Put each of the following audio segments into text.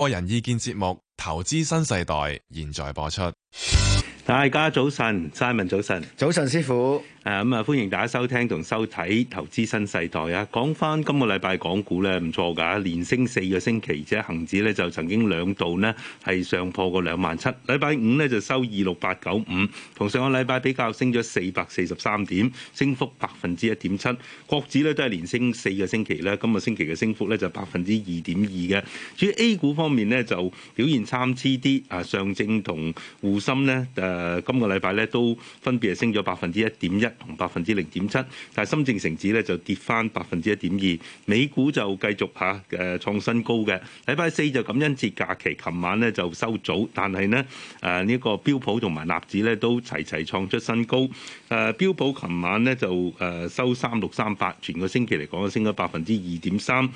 個人意見節目《投資新世代》現在播出。大家早晨，Simon 早晨，早晨師傅。誒咁啊！歡迎大家收聽同收睇《投資新世代》啊！講翻今個禮拜港股咧唔錯㗎，連升四個星期，而且恆指咧就曾經兩度咧係上破過兩萬七。禮拜五咧就收二六八九五，同上個禮拜比較升咗四百四十三點，升幅百分之一點七。國指咧都係連升四個星期咧，今個星期嘅升幅咧就百分之二點二嘅。至於 A 股方面咧，就表現參差啲。啊，上證同滬深咧誒，今個禮拜咧都分別係升咗百分之一點一，同百分之零點七，但係深證成指咧就跌翻百分之一點二，美股就繼續嚇誒創新高嘅。禮拜四就感恩節假期，琴晚咧就收早，但係呢，誒、呃、呢、呢個標普同埋納指咧都齊齊創出新高。誒、呃、標普琴晚咧就誒收三六三八，全個星期嚟講升咗百分之二點三。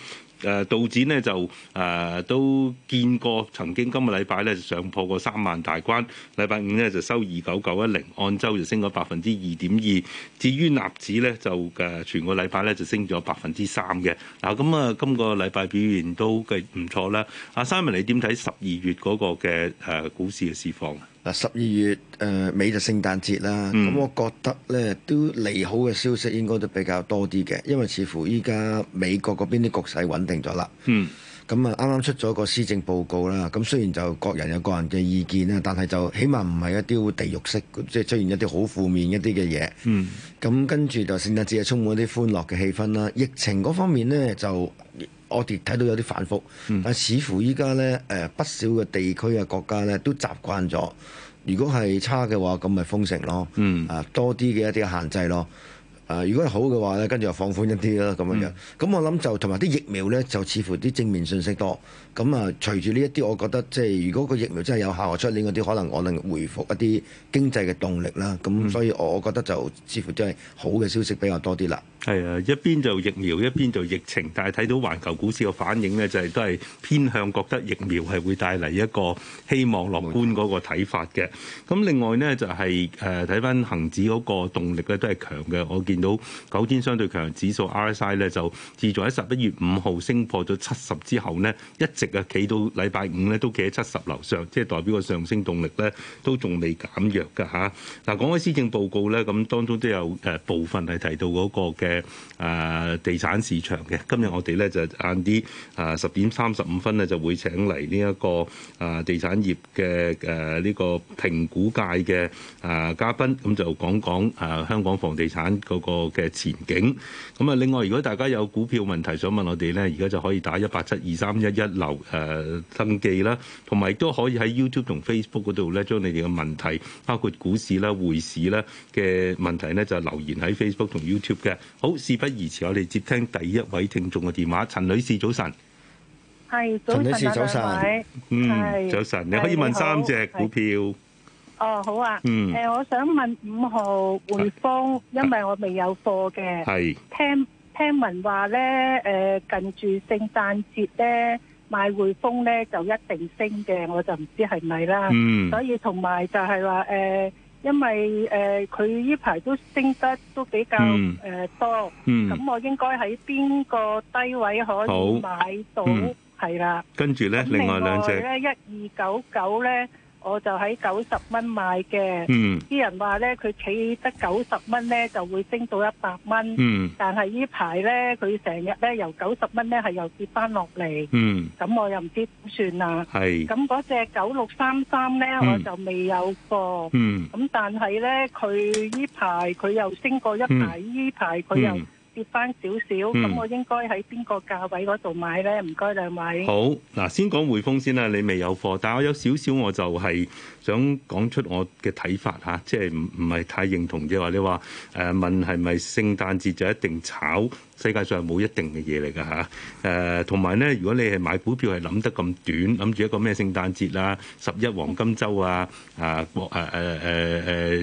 誒道指咧就誒、呃、都見過，曾經今個禮拜咧就上破過三萬大關，禮拜五咧就收二九九一零，按週就升咗百分之二點二。至於納指咧就誒、呃、全個禮拜咧就升咗百分之三嘅。嗱咁啊，今個禮拜表現都計唔錯啦。阿、啊、Sam，你點睇十二月嗰個嘅誒、呃、股市嘅市況？嗱，十二月誒尾就聖誕節啦，咁、嗯、我覺得咧都利好嘅消息應該都比較多啲嘅，因為似乎依家美國嗰邊啲局勢穩定咗啦。嗯，咁啊啱啱出咗個施政報告啦，咁雖然就各人有各人嘅意見啦，但係就起碼唔係一啲會地獄式，即、就、係、係、出現一啲好負面一啲嘅嘢。嗯，咁跟住就聖誕節係充滿啲歡樂嘅氣氛啦，疫情嗰方面咧就。我哋睇到有啲反覆，但似乎依家咧，誒、呃、不少嘅地區嘅國家咧都習慣咗，如果係差嘅話，咁咪封城咯，啊、呃、多啲嘅一啲限制咯。啊！如果好嘅話咧，跟住又放寬一啲啦。咁樣樣。咁、嗯、我諗就同埋啲疫苗咧，就似乎啲正面信息多。咁啊，隨住呢一啲，我覺得即係如果個疫苗真係有效，出年嗰啲可能我能回復一啲經濟嘅動力啦。咁、嗯、所以我覺得就似乎真係好嘅消息比較多啲啦。係啊，一邊就疫苗，一邊就疫情，但係睇到環球股市嘅反應咧，就係、是、都係偏向覺得疫苗係會帶嚟一個希望樂觀嗰個睇法嘅。咁另外呢，就係誒睇翻恒指嗰個動力咧都係強嘅，我見。見到九天相對強指數 RSI 咧，就自從喺十一月五號升破咗七十之後呢，一直啊企到禮拜五呢，都企喺七十樓上，即係代表個上升動力呢，都仲未減弱㗎嚇。嗱、啊、講開施政報告呢，咁當中都有誒部分係提到嗰個嘅誒、啊、地產市場嘅。今日我哋呢，就晏啲誒十點三十五分呢，就會請嚟呢一個誒、啊、地產業嘅誒呢個評估界嘅誒、啊、嘉賓，咁就講講誒香港房地產個。個嘅前景咁啊！另外，如果大家有股票問題想問我哋呢，而家就可以打一八七二三一一留誒登記啦，同埋都可以喺 YouTube 同 Facebook 度呢，將你哋嘅問題，包括股市啦、匯市啦嘅問題呢，就留言喺 Facebook 同 YouTube 嘅。好，事不宜遲，我哋接聽第一位聽眾嘅電話，陳女士，早晨。係，陳女士早晨。嗯，是早晨，你可以問三隻股票。哦，好啊。嗯，誒、呃，我想問五號匯豐，因為我未有貨嘅。係、啊。聽聽聞話咧，誒、呃，近住聖誕節咧，買匯豐咧就一定升嘅，我就唔知係咪啦。嗯。所以同埋就係話，誒、呃，因為誒，佢呢排都升得都比較誒、嗯、呃、多。嗯。咁我應該喺邊個低位可以買到？係、嗯、啦。跟住咧，另外兩隻咧，一二九九咧。我就喺九十蚊買嘅，啲、嗯、人話呢，佢企得九十蚊呢就會升到一百蚊，嗯、但係呢排呢，佢成日呢由九十蚊呢係又跌翻落嚟，咁、嗯、我又唔知點算啊。係是，咁嗰隻九六三三呢，嗯、我就未有過，咁、嗯嗯、但係呢，佢依排佢又升過一排，依排佢又。跌翻少少，咁、嗯、我應該喺邊個價位嗰度買呢？唔該兩位。好，嗱，先講匯豐先啦，你未有貨，但係我有少少，我就係、是。想講出我嘅睇法嚇、啊，即係唔唔係太認同即嘅話，你話誒、啊、問係咪聖誕節就一定炒？世界上係冇一定嘅嘢嚟㗎嚇。誒同埋咧，如果你係買股票係諗得咁短，諗住一個咩聖誕節啊、十一黃金週啊、啊國誒誒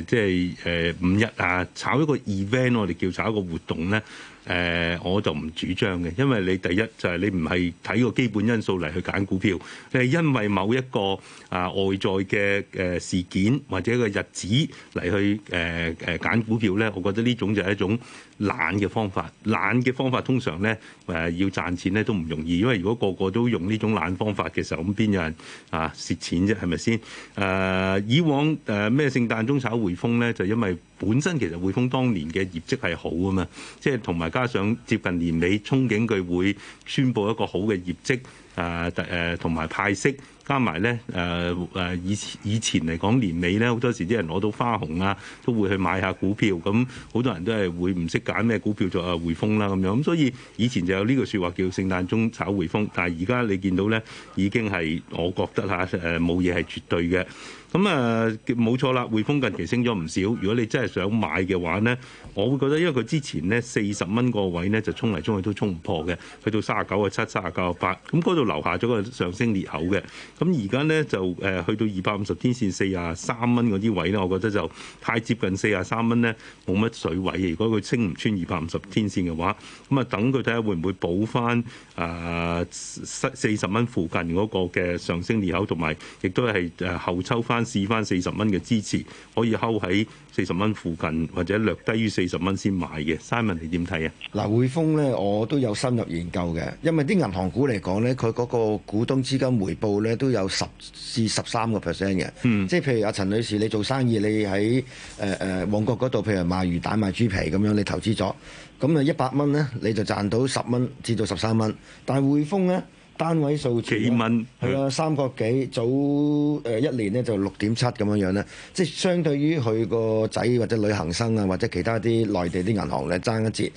誒即係誒五一啊，炒一個 event，我哋叫炒一個活動咧。誒，我就唔主張嘅，因為你第一就係你唔係睇個基本因素嚟去揀股票，你係因為某一個啊外在嘅誒事件或者個日子嚟去誒誒揀股票咧，我覺得呢種就係一種懶嘅方法，懶嘅方法通常呢，誒、呃、要賺錢呢都唔容易，因為如果個個都用呢種懶方法嘅時候，咁邊有人啊蝕錢啫，係咪先？誒、呃、以往誒咩、呃、聖誕中炒匯豐呢，就因為本身其實匯豐當年嘅業績係好啊嘛，即係同埋加上接近年尾，憧憬佢會宣佈一個好嘅業績。誒誒同埋派息，加埋咧誒誒以以前嚟講年尾咧，好多時啲人攞到花紅啊，都會去買下股票。咁好多人都係會唔識揀咩股票，做啊匯豐啦咁樣。咁所以以前就有呢個説話叫聖誕鐘炒匯豐，但係而家你見到咧，已經係我覺得嚇誒冇嘢係絕對嘅。咁啊，冇錯啦，匯豐近期升咗唔少。如果你真係想買嘅話咧，我會覺得，因為佢之前咧四十蚊個位咧，就衝嚟衝去都衝唔破嘅，去到三十九啊七、三十九啊八，咁嗰度留下咗個上升裂口嘅。咁而家咧就誒去到二百五十天線四啊三蚊嗰啲位咧，我覺得就太接近四啊三蚊咧，冇乜水位。如果佢清唔穿二百五十天線嘅話，咁啊等佢睇下會唔會補翻誒四十蚊附近嗰個嘅上升裂口，同埋亦都係誒後抽翻。試翻四十蚊嘅支持，可以睺喺四十蚊附近或者略低於四十蚊先買嘅。Simon 你點睇啊？嗱，匯豐咧我都有深入研究嘅，因為啲銀行股嚟講咧，佢嗰個股東資金回報咧都有十至十三個 percent 嘅。嗯，即係譬如阿陳女士，你做生意你喺誒誒旺角嗰度，譬如賣魚蛋賣豬皮咁樣，你投資咗，咁啊一百蚊咧你就賺到十蚊至到十三蚊，但係匯豐咧。單位數字，係啦敏、啊，三個幾早誒一年呢就六點七咁樣樣啦。即係相對於佢個仔或者旅行生啊，或者其他啲內地啲銀行咧爭一折。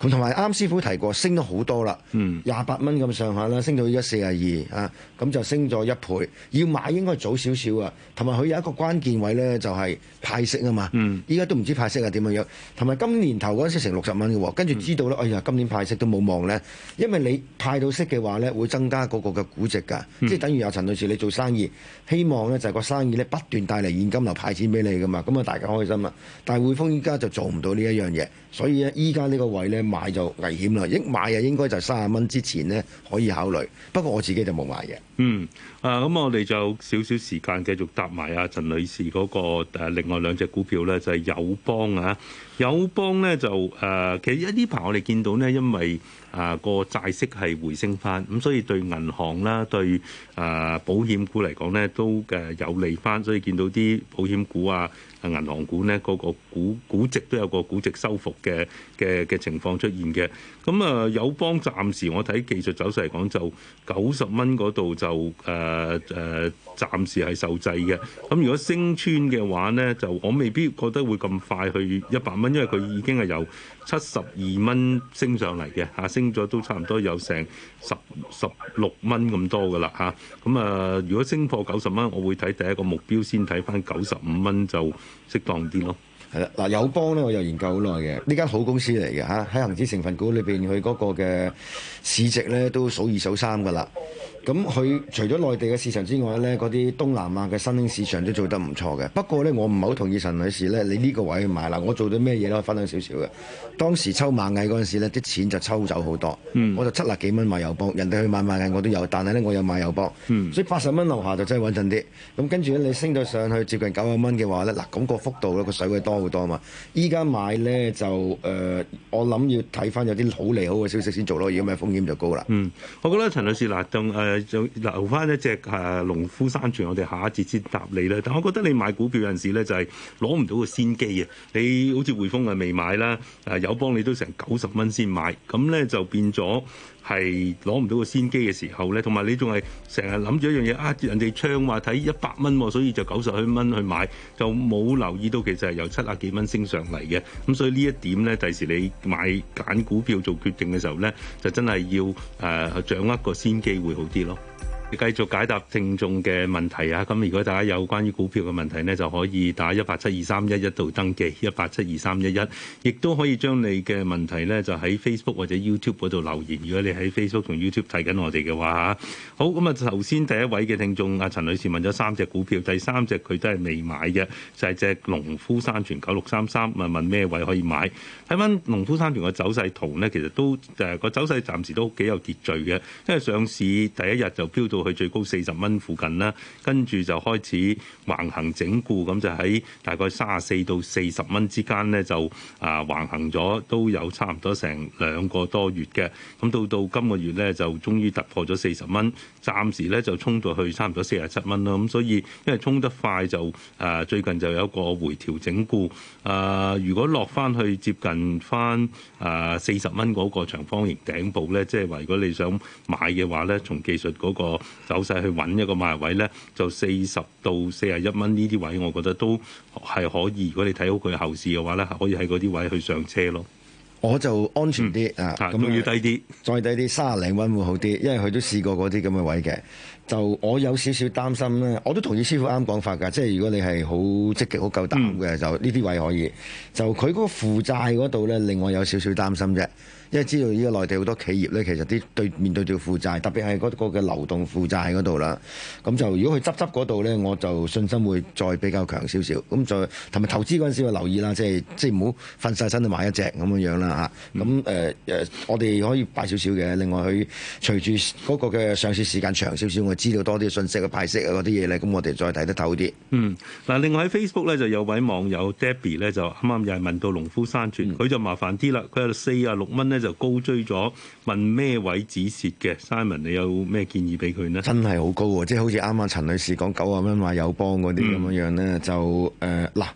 咁同埋啱師傅提過，升咗好多啦，廿八蚊咁上下啦，升到而家四十二啊，咁就升咗一倍。要買應該早少少啊。同埋佢有一個關鍵位咧，就係、是、派息啊嘛。依家、嗯、都唔知派息係點樣樣。同埋今年頭嗰陣成六十蚊嘅喎，跟住知道咧，嗯、哎呀今年派息都冇望咧，因為你派到息嘅話咧，會增加嗰個嘅估值㗎，嗯、即係等於阿陳女士你做生意，希望咧就係個生意咧不斷帶嚟現金流派錢俾你㗎嘛，咁啊大家開心啦。但係匯豐依家就做唔到呢一樣嘢。所以咧，依家呢個位咧買就危險啦。一買啊，應該就三十蚊之前呢可以考慮。不過我自己就冇買嘅。嗯，啊咁我哋就少少時間繼續答埋啊陳女士嗰個另外兩隻股票咧，就係、是、友邦啊。友邦咧就誒、呃，其實呢排我哋見到呢，因為啊個、呃、債息係回升返，咁所以對銀行啦、對啊、呃、保險股嚟講呢，都嘅、呃、有利返，所以見到啲保險股啊。銀行股呢，個個估估值都有個估值收復嘅嘅嘅情況出現嘅。咁啊，友邦暫時我睇技術走勢嚟講，就九十蚊嗰度就誒誒、呃呃，暫時係受制嘅。咁如果升穿嘅話呢，就我未必覺得會咁快去一百蚊，因為佢已經係有，七十二蚊升上嚟嘅，嚇升咗都差唔多有成十十六蚊咁多噶啦，吓，咁啊！如果升破九十蚊，我會睇第一個目標，先睇翻九十五蚊就適當啲咯。係啦，嗱友邦咧，我又研究好耐嘅，呢間好公司嚟嘅嚇，喺恒指成分股裏邊，佢嗰個嘅市值咧都數二數三噶啦。咁佢除咗內地嘅市場之外呢，嗰啲東南亞嘅新興市場都做得唔錯嘅。不過呢，我唔係好同意陳女士呢。你呢個位買嗱，我做咗咩嘢都可以分享少少嘅。當時抽螞蟻嗰陣時咧，啲錢就抽走好多。嗯、我就七十幾蚊買友邦，人哋去買螞蟻我都有，但係呢我有買友邦。嗯、所以八十蚊樓下就真係穩陣啲。咁跟住咧，你升咗上去接近九十蚊嘅話呢，嗱咁、嗰個幅度咧個水位多好多啊嘛。依家買呢，就誒、呃，我諗要睇翻有啲好利好嘅消息先做咯，如果唔係風險就高啦、嗯。我覺得陳女士嗱留翻一隻誒農夫山泉，我哋下一節先答你啦。但我覺得你買股票陣時咧，就係攞唔到個先機啊！你好似匯豐啊，未買啦，誒友邦你都成九十蚊先買，咁咧就變咗。係攞唔到個先機嘅時候咧，同埋你仲係成日諗住一樣嘢啊！人哋唱話睇一百蚊喎，所以就九十一蚊去買，就冇留意到其實係由七十幾蚊升上嚟嘅。咁所以呢一點咧，第時你買揀股票做決定嘅時候咧，就真係要誒、呃、掌握個先機會好啲咯。繼續解答聽眾嘅問題啊！咁如果大家有關於股票嘅問題呢，就可以打一八七二三一一度登記，一八七二三一一，亦都可以將你嘅問題呢就喺 Facebook 或者 YouTube 嗰度留言。如果你喺 Facebook 同 YouTube 睇緊我哋嘅話，好咁啊！頭先第一位嘅聽眾阿陳女士問咗三隻股票，第三隻佢都係未買嘅，就係隻農夫山泉九六三三，問問咩位可以買？睇返農夫山泉嘅走勢圖呢，其實都誒個、呃、走勢暫時都幾有秩序嘅，因為上市第一日就飆到。佢最高四十蚊附近啦，跟住就開始橫行整固咁，就喺大概三十四到四十蚊之間咧，就啊橫行咗都有差唔多成兩個多月嘅。咁到到今個月咧，就終於突破咗四十蚊，暫時咧就衝到去差唔多四十七蚊啦，咁所以因為衝得快就啊、呃，最近就有一個回調整固啊、呃。如果落翻去接近翻啊四十蚊嗰個長方形頂部咧，即係話如果你想買嘅話咧，從技術嗰、那個。走勢去揾一個賣位呢，就四十到四十一蚊呢啲位，我覺得都係可以。如果你睇好佢後市嘅話呢，可以喺嗰啲位去上車咯。我就安全啲、嗯、啊，咁樣要低啲，再低啲三十零蚊會好啲，因為佢都試過嗰啲咁嘅位嘅。就我有少少擔心呢，我都同意師傅啱講法㗎，即係如果你係好積極、好夠膽嘅，嗯、就呢啲位可以。就佢嗰個負債嗰度呢，令我有少少擔心啫。因為知道依家內地好多企業咧，其實啲對面對住負債，特別係嗰個嘅流動負債嗰度啦。咁就如果佢執執嗰度咧，我就信心會再比較強少少。咁就同埋投資嗰陣時要，就留意啦，即係即係唔好瞓晒身去買一隻咁樣樣啦吓，咁誒誒，我哋可以擺少少嘅。另外，佢隨住嗰個嘅上市時間長少少，我知道多啲信息啊、派息啊嗰啲嘢咧，咁我哋再睇得透啲。嗯，嗱，另外喺 Facebook 咧就有位網友 Debbie 咧就啱啱又係問到農夫山泉，佢、嗯、就麻煩啲啦，佢係四啊六蚊咧。就高追咗，問咩位止蝕嘅 Simon，你有咩建議俾佢呢？真係好高喎，即係好似啱啱陳女士講九啊蚊買友邦嗰啲咁樣樣呢。就誒嗱、呃，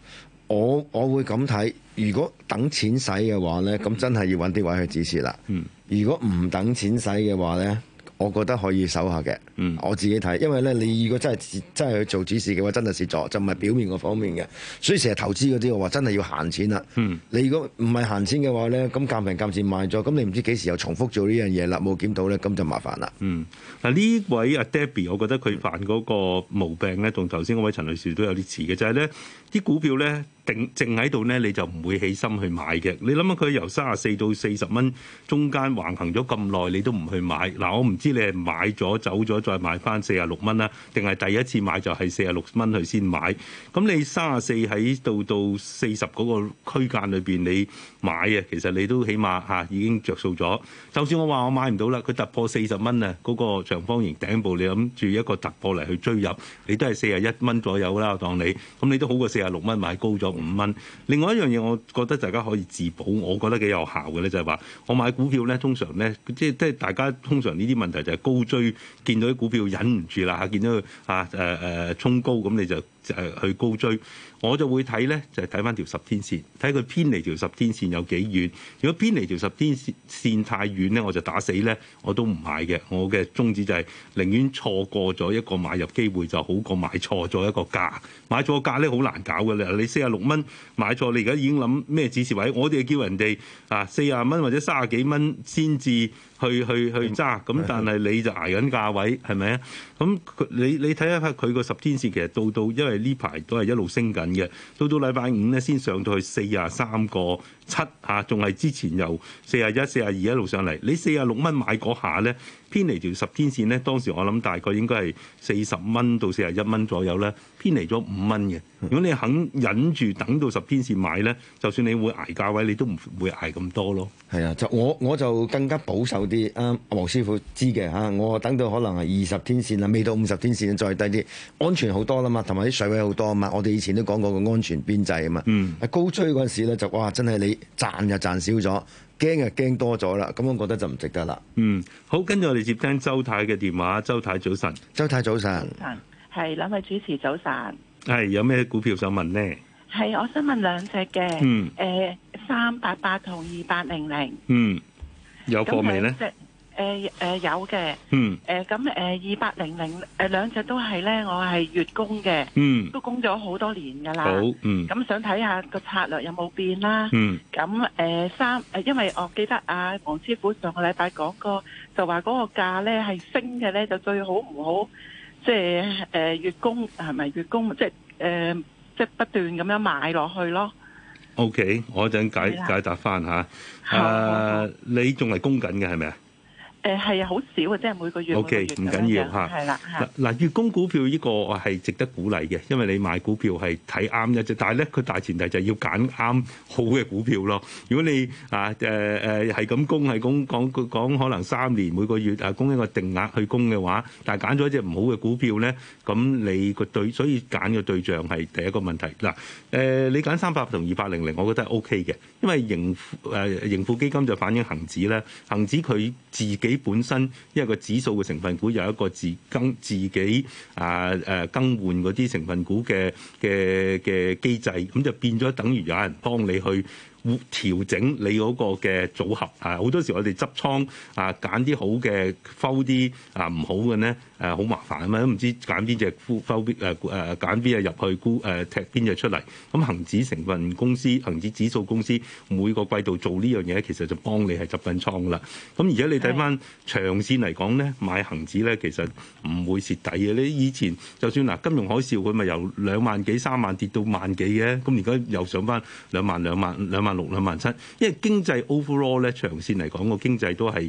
我我會咁睇，如果等錢使嘅話，嗯、話呢，咁真係要揾啲位去止蝕啦。嗯，如果唔等錢使嘅話呢？我覺得可以搜下嘅，嗯、我自己睇，因為咧你如果真係真係去做指示嘅話，真係蝕咗，就唔係表面嗰方面嘅。所以成日投資嗰啲，我話真係要閑錢啦。嗯、你如果唔係閑錢嘅話咧，咁夾平夾錢賣咗，咁你唔知幾時又重複做呢樣嘢啦，冇檢到咧，咁就麻煩啦。嗯嗱，呢位阿 Debbie，我覺得佢犯嗰個毛病咧，同頭先嗰位陳女士都有啲似嘅，就係咧，啲股票咧定靜喺度咧，你就唔會起心去買嘅。你諗下佢由三十四到四十蚊中間橫行咗咁耐，你都唔去買。嗱，我唔知你係買咗走咗再買返四啊六蚊啦，定係第一次買就係四啊六蚊去先買。咁你三啊四喺到到四十嗰個區間裏邊你買啊，其實你都起碼嚇、啊、已經着數咗。就算我話我買唔到啦，佢突破四十蚊啊，嗰方形頂部，你諗住一個突破嚟去追入，你都係四十一蚊左右啦。當你咁，你都好過四十六蚊買高咗五蚊。另外一樣嘢，我覺得大家可以自保，我覺得幾有效嘅咧，就係話我買股票咧，通常咧，即係即係大家通常呢啲問題就係高追，見到啲股票忍唔住啦，見到佢啊誒誒衝高咁，你就就去高追。我就會睇咧，就係睇翻條十天線，睇佢偏離條十天線有幾遠。如果偏離條十天線線太遠咧，我就打死咧我都唔買嘅。我嘅宗旨就係、是、寧願錯過咗一個買入機會，就好過買錯咗一個價。買錯價咧好難搞嘅啦！你四十六蚊買錯，你而家已經諗咩指示位？我哋叫人哋啊四十蚊或者三十幾蚊先至去去去揸。咁是但係你就捱緊價位，係咪啊？咁你你睇下佢個十天線，其實到到因為呢排都係一路升緊。嘅，到到禮拜五咧，先上到去四廿三個七嚇，仲係之前由四廿一、四廿二一路上嚟，你四廿六蚊買嗰下咧。偏離條十天線呢，當時我諗大概應該係四十蚊到四十一蚊左右咧，偏離咗五蚊嘅。如果你肯忍住等到十天線買呢，就算你會捱價位，你都唔會捱咁多咯。係啊，就我我就更加保守啲啊，阿黃、嗯、師傅知嘅嚇，我等到可能係二十天線啦，未到五十天線再低啲，安全好多啦嘛，同埋啲水位好多啊嘛，我哋以前都講過個安全邊際啊嘛。嗯。高追嗰陣時咧，就哇真係你賺又賺少咗。驚啊，驚多咗啦，咁我覺得就唔值得啦。嗯，好，跟住我哋接聽周太嘅電話。周太早晨，周太早晨，早晨。係兩位主持早晨，係有咩股票想問呢？係我想問兩隻嘅，嗯，誒、欸，三八八同二八零零，嗯，有貨未呢？誒誒有嘅，誒咁誒二八零零誒兩隻都係咧，我係月供嘅，都供咗好多年㗎喇，咁想睇下個策略有冇變啦。咁誒三誒，因為我記得阿黃師傅上個禮拜講過，就話嗰個價咧係升嘅咧，就最好唔好即係誒月供係咪月供，即係誒即係不斷咁樣買落去咯。OK，我一陣解解答翻吓誒，你仲係供緊嘅係咪啊？誒係啊，好少啊，即係每個月。O K，唔緊要嚇。係啦，嗱，月供股票呢個我係值得鼓勵嘅，因為你買股票係睇啱一隻，但係咧佢大前提就係要揀啱好嘅股票咯。如果你啊誒誒係咁供係咁講講可能三年每個月啊供一個定額去供嘅話，但係揀咗一隻唔好嘅股票咧，咁你個對所以揀嘅對象係第一個問題。嗱，誒你揀三百同二百零零，我覺得係 O K 嘅，因為盈誒盈富基金就反映恒指咧，恒指佢自己。本身一個指數嘅成分股有一個自更自己啊誒，更換嗰啲成分股嘅嘅嘅機制，咁就變咗等於有人幫你去調整你嗰個嘅組合啊！好多時我哋執倉啊，揀啲好嘅，拋啲啊唔好嘅咧。誒好、啊、麻煩啊嘛，都唔知揀邊隻沽收邊誒誒揀邊隻入去沽誒、啊、踢邊隻出嚟。咁、啊、恒指成分公司、恒指指數公司每個季度做呢樣嘢，其實就幫你係執緊倉噶啦。咁而家你睇翻是長線嚟講咧，買恒指咧其實唔會蝕底嘅。你以前就算嗱、啊、金融海嘯，佢咪由兩萬幾三萬跌到萬幾嘅，咁而家又上翻兩萬兩萬兩萬六兩萬七。因為經濟 overall 咧長線嚟講，個經濟都係。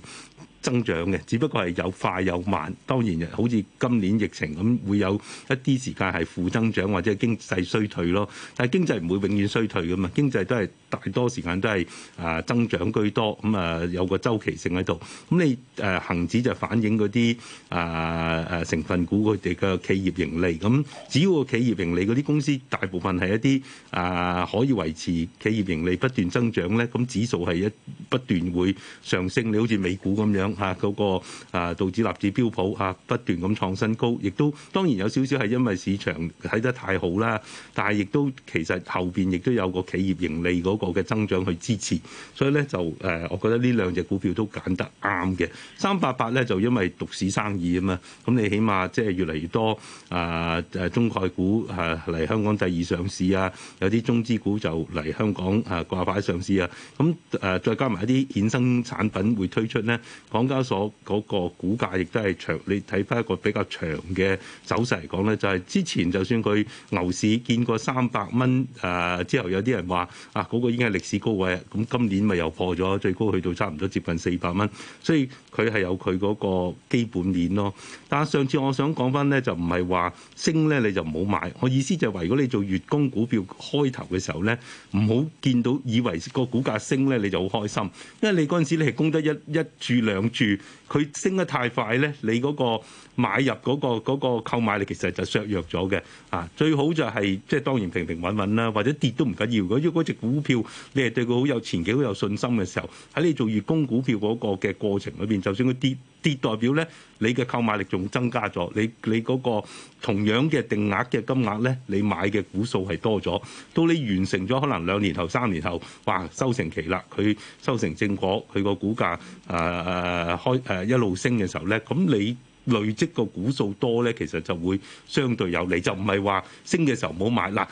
增長嘅，只不過係有快有慢。當然，好似今年疫情咁，會有一啲時間係負增長或者經濟衰退咯。但係經濟唔會永遠衰退噶嘛，經濟都係大多時間都係啊增長居多。咁啊，有個周期性喺度。咁你誒恒指就反映嗰啲啊誒成分股佢哋嘅企業盈利。咁只要企業盈利嗰啲公司大部分係一啲啊、呃、可以維持企業盈利不斷增長咧，咁指數係一不斷會上升。你好似美股咁樣。嚇嗰個啊道指、納指、標普啊不斷咁創新高，亦都當然有少少係因為市場睇得太好啦，但係亦都其實後邊亦都有個企業盈利嗰個嘅增長去支持，所以咧就誒，我覺得呢兩隻股票都揀得啱嘅。三八八咧就因為獨市生意啊嘛，咁你起碼即係越嚟越多啊誒、呃、中概股啊嚟香港第二上市啊，有啲中資股就嚟香港啊掛牌上市啊，咁誒再加埋一啲衍生產品會推出咧。港交所嗰個股價亦都係長，你睇翻一個比較長嘅走勢嚟講咧，就係之前就算佢牛市見過三百蚊誒之後有啲人話啊嗰個已經係歷史高位，咁今年咪又破咗，最高去到差唔多接近四百蚊，所以佢係有佢嗰個基本面咯。但係上次我想講翻咧，就唔係話升咧你就唔好買，我意思就係話，如果你做月供股票開頭嘅時候咧，唔好見到以為個股價升咧你就好開心，因為你嗰陣時你係供得一一注兩。住佢升得太快咧，你嗰個買入嗰個嗰個購買力其實就削弱咗嘅啊！最好就係即係當然平平穩穩啦，或者跌都唔緊要。如果嗰隻股票你係對佢好有前景、好有信心嘅時候，喺你做月供股票嗰個嘅過程裏邊，就算佢跌。跌代表咧，你嘅購買力仲增加咗，你你嗰個同樣嘅定額嘅金額咧，你買嘅股數係多咗。到你完成咗可能兩年後、三年後，哇，收成期啦，佢收成正果，佢個股價誒開誒一路升嘅時候咧，咁你累積個股數多咧，其實就會相對有利。就唔係話升嘅時候唔好買啦，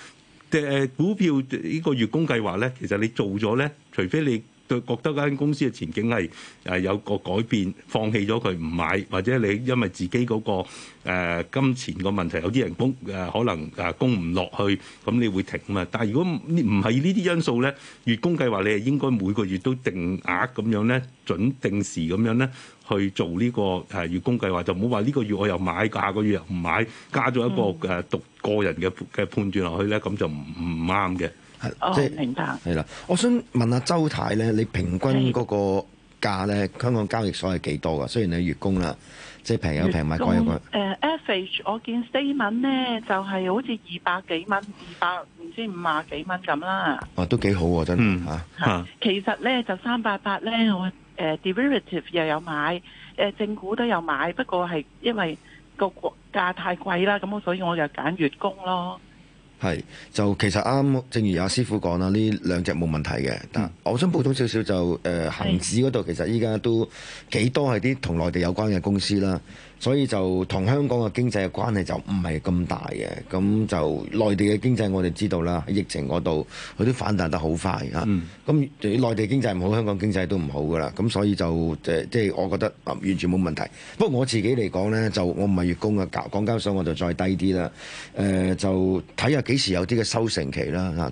誒股票呢個月供計劃咧，其實你做咗咧，除非你，對，覺得間公司嘅前景係誒有個改變，放棄咗佢唔買，或者你因為自己嗰、那個、呃、金錢個問題，有啲人供誒、呃、可能誒供唔落去，咁你會停嘛？但係如果唔係呢啲因素咧，月供計劃你係應該每個月都定額咁樣咧，準定時咁樣咧去做呢個誒月供計劃，就唔好話呢個月我又買，下個月又唔買，加咗一個誒獨個人嘅嘅判斷落去咧，咁就唔唔啱嘅。係，即係明白。係啦，我想問下周太咧，你平均嗰個價咧，香港交易所係幾多噶？雖然你月供啦，即係平有平，買貴有貴。誒 average 我見 statement 咧就係好似二百幾蚊，二百唔知五啊幾蚊咁啦。哦，都幾好喎，真嚇嚇。其實咧就三百八咧，我誒 derivative 又有買，誒正股都有買，不過係因為個價太貴啦，咁所以我就揀月供咯。係，就其實啱，正如阿師傅講啦，呢兩隻冇問題嘅。嗯、但我想補充少少，嗯、就誒、呃、恆指嗰度其實依家都幾多係啲同內地有關嘅公司啦。所以就同香港嘅經濟嘅關係就唔係咁大嘅，咁就內地嘅經濟我哋知道啦，喺疫情嗰度佢都反彈得好快嚇。咁對、嗯啊、內地經濟唔好，香港經濟都唔好噶啦。咁所以就即係、呃就是、我覺得啊，完全冇問題。不過我自己嚟講呢，就我唔係月供啊，港交所我就再低啲啦。誒、呃，就睇下幾時有啲嘅收成期啦嚇。咁、啊啊、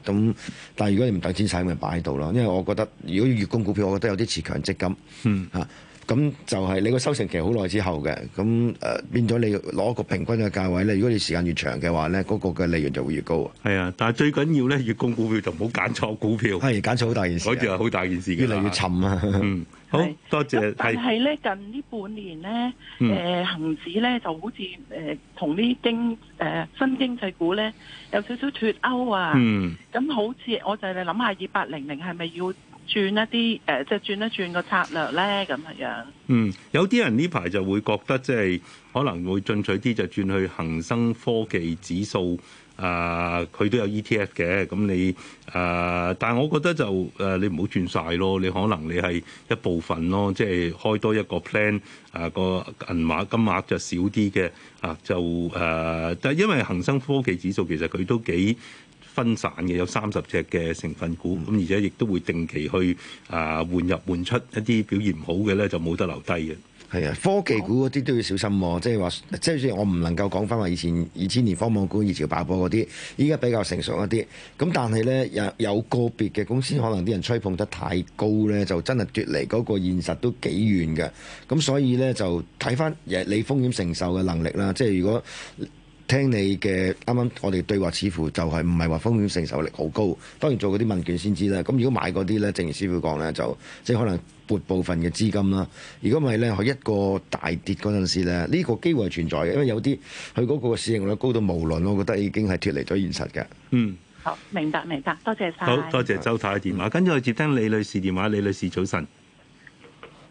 但係如果你唔等錢使，咪擺喺度咯。因為我覺得如果月供股票，我覺得有啲似強積金嚇。啊嗯咁就係你個收成期好耐之後嘅，咁誒變咗你攞個平均嘅價位咧。如果你時間越長嘅話咧，嗰、嗰個嘅利潤就會越高。係啊，但係最緊要咧，月供股票就唔好揀錯股票。係、哎，揀錯好大件事、啊。嗰啲係好大件事。越嚟越沉啊！嗯，好是多謝。但係咧，近呢半年咧，誒、嗯啊、恆指咧就好似誒同啲經誒、呃、新經濟股咧有少少脫鉤啊。嗯。咁好似我就係諗下二八零零係咪要？轉一啲誒，即係轉一轉個策略咧，咁樣。嗯，有啲人呢排就會覺得即係可能會進取啲，就轉去恒生科技指數啊，佢、呃、都有 ETF 嘅。咁你啊、呃，但係我覺得就誒、呃，你唔好轉晒咯。你可能你係一部分咯，即、就、係、是、開多一個 plan 啊、呃，個銀碼金額就少啲嘅啊，就誒、呃。但係因為恒生科技指數其實佢都幾。分散嘅有三十隻嘅成分股，咁而且亦都會定期去啊換入換出一啲表現唔好嘅呢，就冇得留低嘅。係啊，科技股嗰啲都要小心，好即係話即係我唔能夠講翻話以前二千年科網股熱潮爆破嗰啲，依家比較成熟一啲。咁但係呢，有有個別嘅公司可能啲人吹捧得太高呢，就真係脫離嗰個現實都幾遠嘅。咁所以呢，就睇翻你風險承受嘅能力啦。即係如果。聽你嘅啱啱我哋對話，似乎就係唔係話風險承受力好高。當然做嗰啲問卷先知啦。咁如果買嗰啲呢，正如師傅講呢，就即係可能撥部分嘅資金啦。如果唔係呢，佢一個大跌嗰陣時咧，呢、呢個機會係存在嘅，因為有啲佢嗰個市盈率高到無倫，我覺得已經係脫離咗現實嘅。嗯，好，明白明白，多謝晒，多謝周太嘅電話，跟住、嗯、我接聽李女士電話。李女士早晨，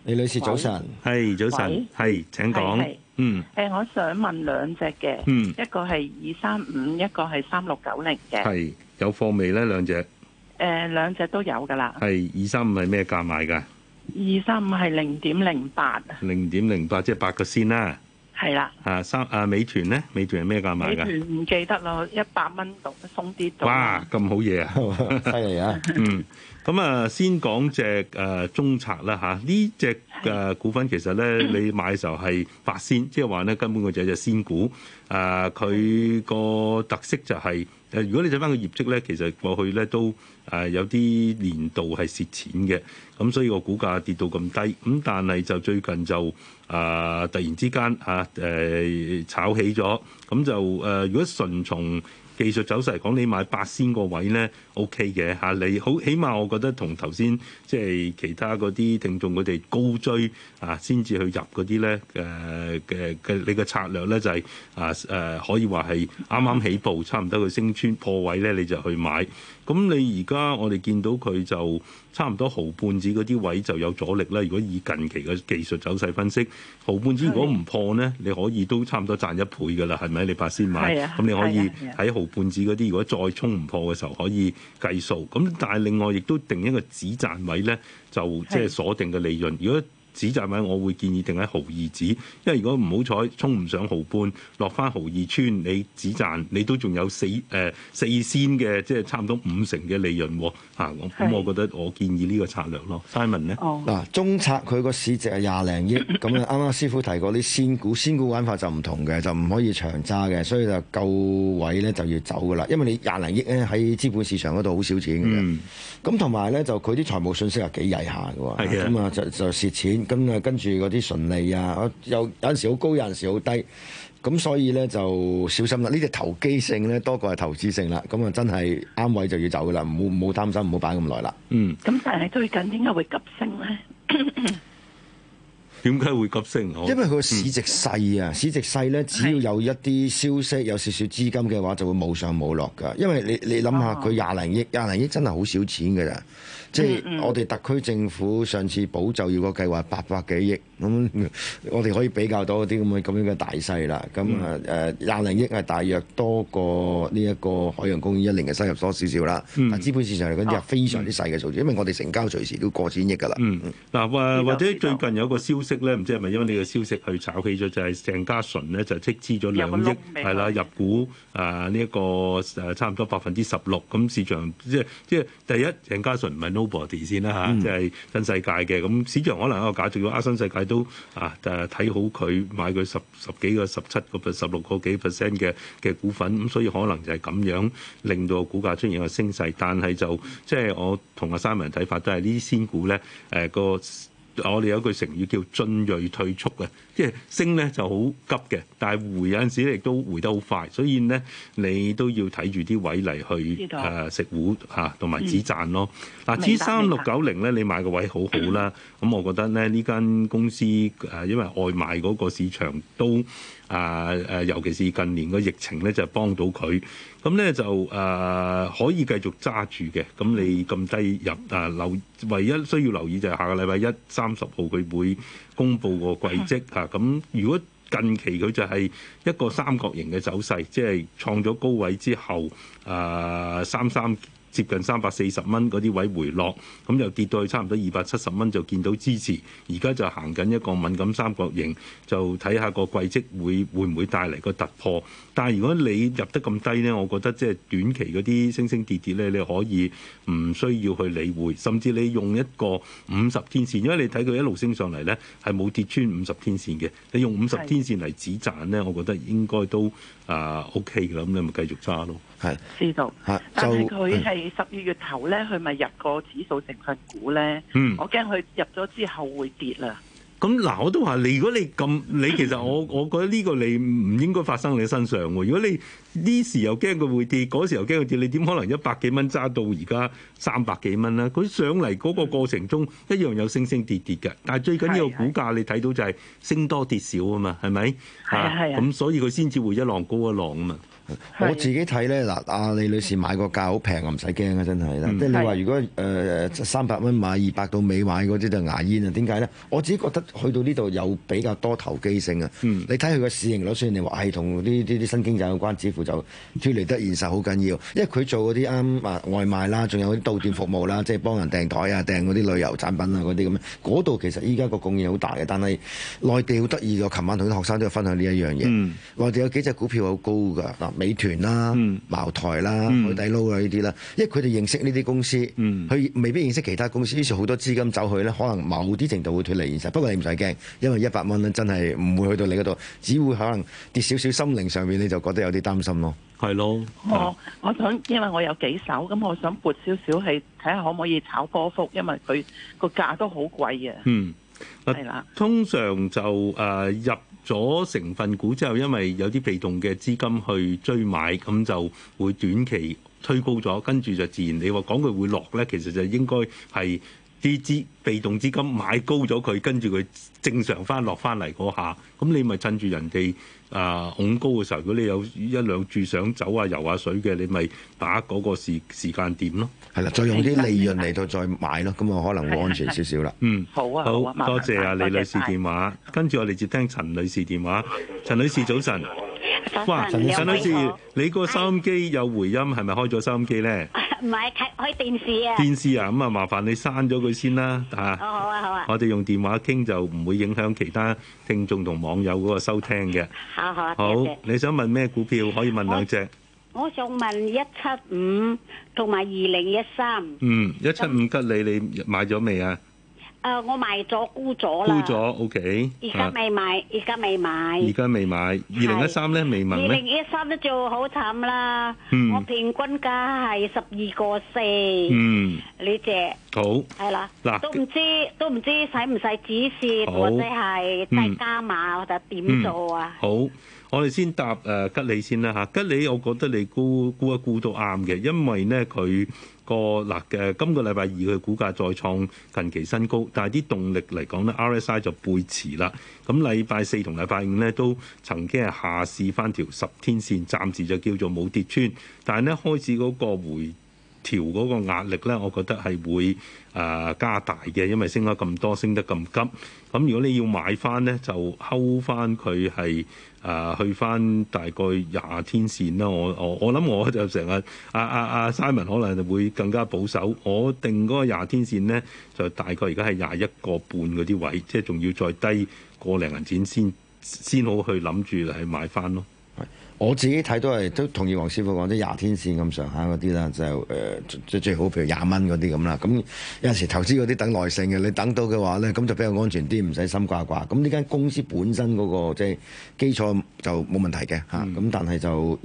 李女士早晨，係喂早晨，係喂請講是。嗯，誒，我想問兩隻嘅，一個係二三五，一個係三六九零嘅，係有貨未咧？兩隻，誒，兩隻都有噶啦。係二三五係咩價賣噶？二三五係零點零八，零點零八即係八個先啦。係啦，吓三啊美團咧？美團係咩價賣噶？美團唔記得咯，一百蚊度鬆啲度。哇，咁好嘢啊！犀利啊！嗯。咁啊，先講隻誒中策啦吓，呢隻嘅股份其實咧，你買嘅時候係八仙，即係話咧，根本佢就係隻仙股。啊，佢個特色就係、係、誒，如果你睇翻個業績咧，其實過去咧都誒有啲年度係蝕錢嘅，咁所以個股價跌到咁低。咁但係就最近就啊，突然之間啊誒炒起咗。咁就誒，如果純從技術走勢嚟講，你買八仙個位咧？O K 嘅嚇，你好，起碼我覺得同頭先即係其他嗰啲聽眾佢哋高追啊，先至去入嗰啲呢誒嘅嘅你嘅策略呢，就係啊誒可以話係啱啱起步，差唔多去升穿破位呢，你就去買。咁你而家我哋見到佢就差唔多毫半子嗰啲位就有阻力啦。如果以近期嘅技術走勢分析，毫半子如果唔破呢，你可以都差唔多賺一倍噶啦，係咪？你百先買，咁的你可以喺毫半子嗰啲，如果再衝唔破嘅時候可以。計數咁，但係另外亦都定一個止賺位咧，就即係鎖定嘅利潤。如果指賺咧，我會建議定喺毫二止，因為如果唔好彩，衝唔上毫半，落翻毫二穿，你指賺你都仲有四誒四仙嘅，即、就、係、是、差唔多五成嘅利潤嚇。咁我覺得我建議呢個策略咯。Simon 呢嗱、mm. 中策佢個市值係廿零億，咁啱啱師傅提過啲仙股，仙股玩法就唔同嘅，就唔 可，可以長揸嘅，所以就夠位咧就要走噶啦。因為你廿零億咧喺資本市場嗰度好少錢嘅，咁同埋咧就佢啲財務信息係幾曳下嘅，咁啊的就就蝕錢。咁啊，跟住嗰啲順利啊，有有陣時好高，有陣時好低。咁所以咧就小心啦。呢隻投機性咧多過係投資性啦。咁啊，真係啱位就要走噶啦，唔好唔好擔心，唔好擺咁耐啦。嗯。咁但係最近點解會急升咧？點解 會急升？因為佢個市值細啊，嗯、市值細咧，只要有一啲消息，有少少資金嘅話，就會冇上冇落噶。因為你你諗下，佢廿零億、廿零億真係好少錢噶咋。即係我哋特區政府上次補就要個計劃八百幾億，咁我哋可以比較到啲咁嘅咁樣嘅大細啦。咁啊誒廿零億係大約多過呢一個海洋公園一年嘅收入多少少啦。但係資本市場嚟講，就係非常之細嘅數字，因為我哋成交隨時都過千億㗎啦。嗱、嗯，或或者最近有個消息咧，唔知係咪因為你嘅消息去炒起咗，就係、是、鄭家純咧就斥資咗兩億係啦入，入股啊呢一個誒差唔多百分之十六咁市場即係即係第一，鄭家純唔係 body、 嗯、先啦嚇，即係新世界嘅咁，市場可能一個假設，仲要啱新世界都啊睇好佢買佢十十幾個、十七個十六個幾 percent 嘅嘅股份，咁所以可能就係咁樣令到個股價出現個升勢，但係就即係我同阿三文睇法都係呢啲先股咧，誒、啊、個。我哋有句成語叫進銳退速啊，即係升咧就好急嘅，但係回有陣時咧亦都回得好快，所以咧你都要睇住啲位嚟去誒道、啊、食糊吓同埋止賺咯。嗱、嗯，之三六九零咧，白90，你買個位好好啦，咁白、啊、我覺得咧呢間公司誒、啊，因為外賣嗰個市場都。啊誒，尤其是近年個疫情咧，就係、幫到佢。咁咧就誒、呃、可以繼續揸住嘅。咁你咁低入啊，留唯一需要留意就係下個禮拜一三十號佢會公布個季績嚇。咁的、啊、如果近期佢就係一個三角形嘅走勢，即、就、係、是、創咗高位之後，誒、呃、三三。接近三百四十蚊嗰啲位回落，咁又跌到去差唔多二百七十蚊就見到支持。而家就行緊一個敏感三角形，就睇下個季績會會唔會帶嚟個突破。但係如果你入得咁低呢，我覺得即係短期嗰啲升升跌跌呢，你可以唔需要去理會，甚至你用一個五十天線，因為你睇佢一路升上嚟呢，係冇跌穿五十天線嘅。你用五十天線嚟止賺呢，我覺得應該都啊、呃、OK 啦。咁你咪繼續揸咯。係知道，但係佢係十二月頭咧，佢咪是入個指數成分股咧？嗯、我驚佢入咗之後會跌啦、嗯。咁嗱，我都話你，如果你咁，你其實我 我覺得呢個你唔應該發生你身上喎。如果你呢時又驚佢會跌，嗰時又驚佢跌，你點可能一百幾蚊揸到而家三百幾蚊咧？佢上嚟嗰個過程中，嗯，一樣有升升跌跌嘅，但係最緊要個股價是是 你睇到就係升多跌少是是是是是啊嘛，係咪？係啊，咁所以佢先至會一浪高一浪啊嘛。是的 我自己睇咧，嗱，阿李女士買個價好平啊，唔使驚啊，真係啦。即係是的 你話如果誒三百蚊買二百到尾買嗰啲就牙煙啊。點解咧？我自己覺得去到呢度有比較多投機性啊的。你睇佢個市盈率，雖然你話係同啲啲新經濟有關，只乎。就脫離得現實好緊要，因為佢做嗰啲啱外賣啦，仲有啲到店服務啦，即係幫人訂台啊、訂嗰啲旅遊產品啊嗰啲咁樣，嗰度其實依家個貢獻好大嘅。但係內地好得意嘅，琴晚同啲學生都有分享呢一樣嘢。內地、嗯、有幾隻股票好高㗎，嗱，美團啦、嗯、茅台啦、海、嗯、底撈啊呢啲啦，因為佢哋認識呢啲公司，佢未必認識其他公司，於是好多資金走去呢，可能某啲程度會脫離現實。不過你唔使驚，因為一百蚊真係唔會去到你嗰度，只會可能跌少少，心靈上面你就覺得有啲擔心。係咯，我我想，因為我有幾手，咁我想撥少少去睇下可唔可以炒波幅，因為佢個價都好貴嘅。嗯、係、啊、啦，通常就誒、啊、入咗成分股之後，因為有啲被動嘅資金去追買，咁就會短期推高咗，跟住就自然你話講佢會落咧，其實就應該係。啲資被動資金買高咗佢，跟住佢正常翻落翻嚟嗰下，咁你咪趁住人哋啊恐高嘅時候，如果你有一兩注想走啊游下、啊、水嘅，你咪打嗰個時時間點咯。係啦，再用啲利潤嚟到再買咯，咁我可能會安全少少啦。嗯，好啊，好，啊好啊多謝啊李女士電話，跟住我哋接聽陳女士電話。陳女士早晨，哇，陳女士你個收音機有回音，係咪開咗收音機咧？唔係睇開電視啊！電視啊，咁啊，麻煩你刪咗佢先啦嚇、啊。好啊好啊，我哋用電話傾就唔會影響其他聽眾同網友嗰個收聽嘅、啊。好、啊，好，多謝隻，你想問咩股票可以問兩隻？我，我想問一七五同埋二零一三。嗯，一七五吉利你你買咗未啊？誒，我賣咗沽咗啦，沽咗，OK。而家未買，而家未買。而家未買，二零一三咧，未買咧。二零一三都做好慘啦，我平均價係十二個四。嗯，呢隻。好。係啦。嗱，都唔知都唔知使唔使止蝕或者係即係加碼或者點做啊？好，我哋先答誒吉利先啦吓，吉利，我覺得你沽沽一沽都啱嘅，因為咧佢。個嗱嘅今個禮拜二佢嘅股價再創近期新高，但係啲動力嚟講呢 RSI 就背馳啦。咁禮拜四同禮拜五呢，都曾經係下試翻條十天線，暫時就叫做冇跌穿，但係呢，開始嗰個回調嗰個壓力咧，我覺得係會誒加大嘅，因為升咗咁多，升得咁急。咁如果你要買翻咧，就睺翻佢係誒去翻大概廿天線啦。我我我諗我就成日阿阿阿 Simon 可能就會更加保守。我定嗰個廿天線咧，就大概而家係廿一個半嗰啲位，即係仲要再低個零銀錢先先好去諗住嚟買翻咯。我自己睇到係都同意黃師傅講，即係廿天線咁上下嗰啲啦，就誒即係最好，譬如廿蚊嗰啲咁啦。咁有陣時投資嗰啲等耐性嘅，你等到嘅話咧，咁就比較安全啲，唔使心掛掛。咁呢間公司本身嗰、那個即係、就是、基礎就冇問題嘅嚇。咁但係就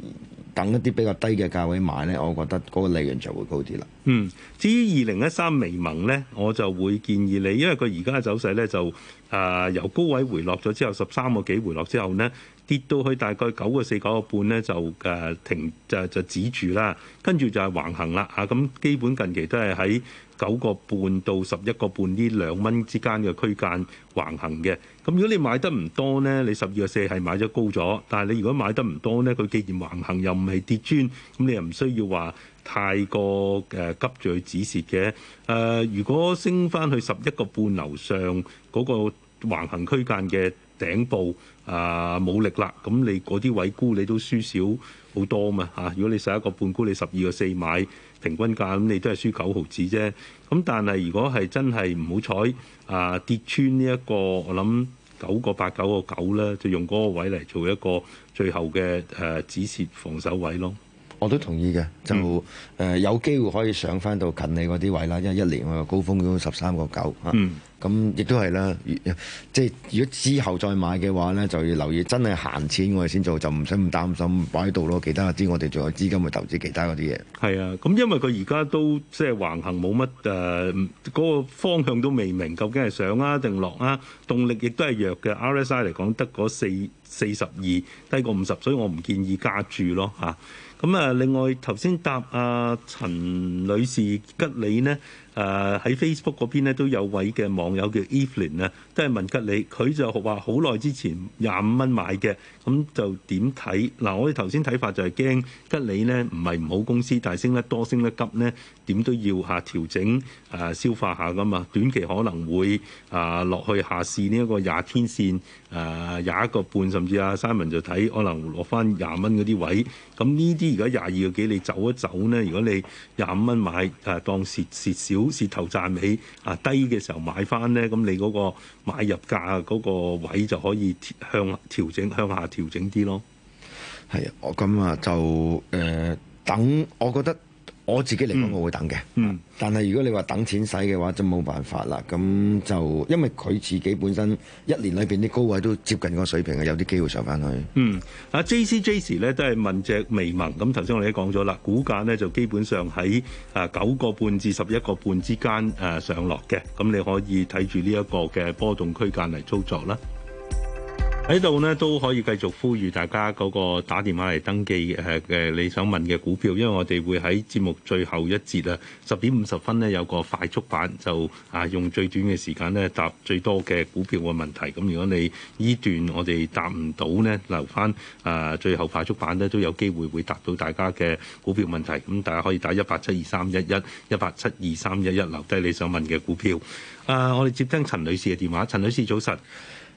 等一啲比較低嘅價位買咧，我覺得嗰個利潤就會高啲啦。嗯，至於二零一三微盟咧，我就會建議你，因為佢而家嘅走勢咧就誒、呃、由高位回落咗之後，十三個幾回落之後呢。跌到去大概九個四九個半呢，就誒停就就止住啦，跟住就係橫行啦啊！咁基本近期都係喺九個半到十一個半呢兩蚊之間嘅區間橫行嘅。咁如果你買得唔多呢，你十二個四係買咗高咗，但係你如果買得唔多呢，佢既然橫行又唔係跌穿，咁你又唔需要話太過誒急住去止蝕嘅。誒、呃，如果升返去十一個半樓上嗰個橫行區間嘅。頂部啊，冇力啦，咁你嗰啲位沽，你都輸少好多嘛嚇、啊！如果你十一個半沽，你十二個四買平均價，咁你都係輸九毫子啫。咁、啊、但係如果係真係唔好彩啊跌穿呢、這、一個，我諗九個八九個九咧，就用嗰個位嚟做一個最後嘅誒、啊、止蝕防守位咯。我都同意嘅，就誒、呃、有機會可以上翻到近你嗰啲位啦，因為一年我個高峰、嗯啊、都十三個九嚇，咁亦都係啦。即係如果之後再買嘅話咧，就要留意真係閒錢我哋先做，就唔使咁擔心擺喺度咯。其他啲我哋仲有資金去投資其他嗰啲嘢。係啊，咁、嗯、因為佢而家都即係、就是、橫行冇乜誒，嗰、呃那個方向都未明，究竟係上啊定落啊？動力亦都係弱嘅。RSI 嚟講得嗰四。四十二，低過五十，所以我唔建議加注咯嚇。咁啊，另外頭先答啊陳女士吉利呢。誒喺、uh, Facebook 嗰邊呢都有位嘅網友叫 Evelyn 啊，都係問吉利，佢就話好耐之前廿五蚊買嘅，咁就點睇？嗱、啊，我哋頭先睇法就係驚吉利呢唔係唔好公司，但係升得多升得急呢，點都要下、啊、調整誒、啊、消化下㗎嘛。短期可能會誒落、啊、去下試呢一個廿天線誒廿一個半，啊、5, 甚至啊 Simon 就睇可能落翻廿蚊嗰啲位。咁呢啲而家廿二個幾你走一走呢？如果你廿五蚊買誒、啊、當蝕蝕少。市頭賺尾啊！低嘅時候買翻咧，咁你嗰個買入價，嗰個位就可以向調整，向下調整啲咯。係啊，我咁啊就誒、呃、等，我覺得。我自己嚟講，我會等嘅。嗯、但係如果你話等錢使嘅話，就冇辦法啦。咁就因為佢自己本身一年裏邊啲高位都接近嗰個水平嘅，有啲機會上翻去。嗯，啊 J C J C 咧都係問隻微盟。咁頭先我哋都講咗啦，股價咧就基本上喺啊九個半至十一個半之間誒、呃、上落嘅。咁你可以睇住呢一個嘅波動區間嚟操作啦。喺度呢，都可以繼續呼籲大家嗰個打電話嚟登記誒誒你想問嘅股票，因為我哋會喺節目最後一節啊十點五十分呢，有個快速版，就啊用最短嘅時間呢，答最多嘅股票嘅問題。咁如果你依段我哋答唔到呢，留返啊最後快速版呢，都有機會會答到大家嘅股票問題。咁大家可以打一八七二三一一一八七二三一一留低你想問嘅股票。啊，我哋接聽陳女士嘅電話，陳女士早晨。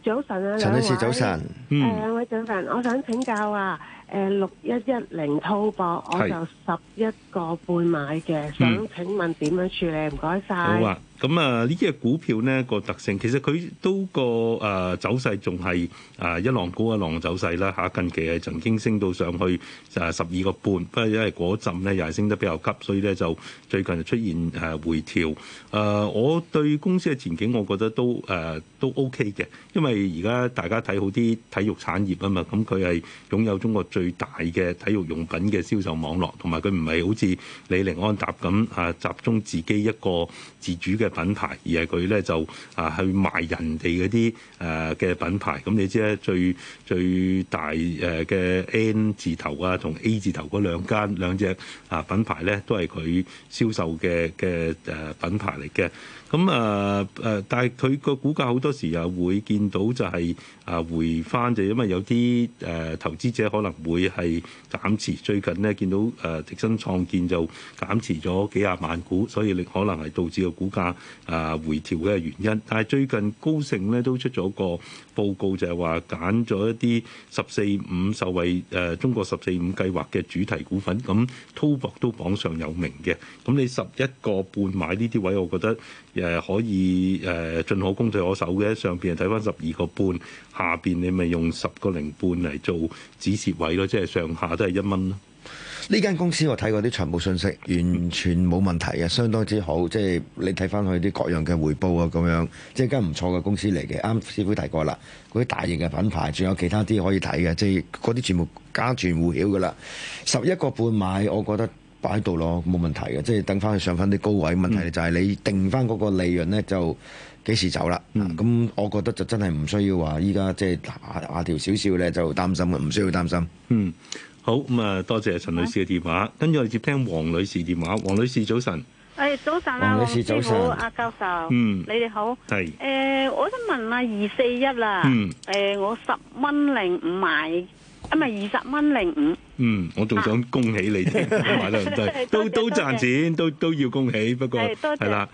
早晨啊，陳女士，位早晨。係，嗯，兩位早晨，我想請教啊。誒六一一零滔搏，0, 我就十一個半買嘅，是想請問點樣處理？唔該晒。好啊，咁、嗯、啊，呢隻股票呢個特性，其實佢都個誒、呃、走勢仲係誒一浪高一浪走勢啦。嚇，近期係曾經升到上去誒十二個半，呃、5, 不過因為嗰陣呢又係升得比較急，所以呢就最近就出現誒回調。誒、呃，我對公司嘅前景，我覺得都誒、呃、都 OK 嘅，因為而家大家睇好啲體育產業啊嘛，咁佢係擁有中國最最大嘅體育用品嘅銷售網絡，同埋佢唔係好似李寧安踏咁啊，集中自己一個自主嘅品牌，而係佢呢就啊去賣人哋嗰啲誒嘅品牌。咁你知咧最最大誒嘅 N 字頭啊，同 A 字頭嗰兩間兩隻啊品牌呢，都係佢銷售嘅嘅誒品牌嚟嘅。咁啊誒，但係佢個股價好多時又會見到就係啊回翻，就是、因為有啲誒、呃、投資者可能會係減持。最近呢，見到誒迪生創建就減持咗幾廿萬股，所以你可能係導致個股價啊、呃、回調嘅原因。但係最近高盛咧都出咗個。報告就係話揀咗一啲十四五受惠誒、呃、中國十四五計劃嘅主題股份，咁滔博都榜上有名嘅。咁你十一個半買呢啲位，我覺得誒、呃、可以誒進可攻退可守嘅。上邊係睇翻十二個半，下邊你咪用十個零半嚟做止蝕位咯，即係上下都係一蚊。呢間公司我睇過啲財報信息，完全冇問題啊，相當之好。即係你睇翻佢啲各樣嘅回報啊，咁樣即係間唔錯嘅公司嚟嘅。啱師傅提過啦，嗰啲大型嘅品牌，仲有其他啲可以睇嘅，即係嗰啲全部家傳戶曉㗎啦。十一個半買，我覺得擺喺度咯，冇問題嘅。即係等翻佢上翻啲高位，問題、嗯、就係你定翻嗰個利潤呢，就幾時走啦？咁、嗯、我覺得就真係唔需要話依家即係下下調少少呢，就擔心嘅，唔需要擔心。嗯。好咁啊，多謝陳女士嘅電話，跟住我接聽黃女士電話。黃女士早晨，誒早晨啊，王師傅阿教授，嗯，你哋好，係誒，我想問下二四一啦，嗯，誒，我十蚊零五買，啊唔係二十蚊零五，嗯，我仲想恭喜你添，買得唔得？都都賺錢，都都要恭喜，不過係啦。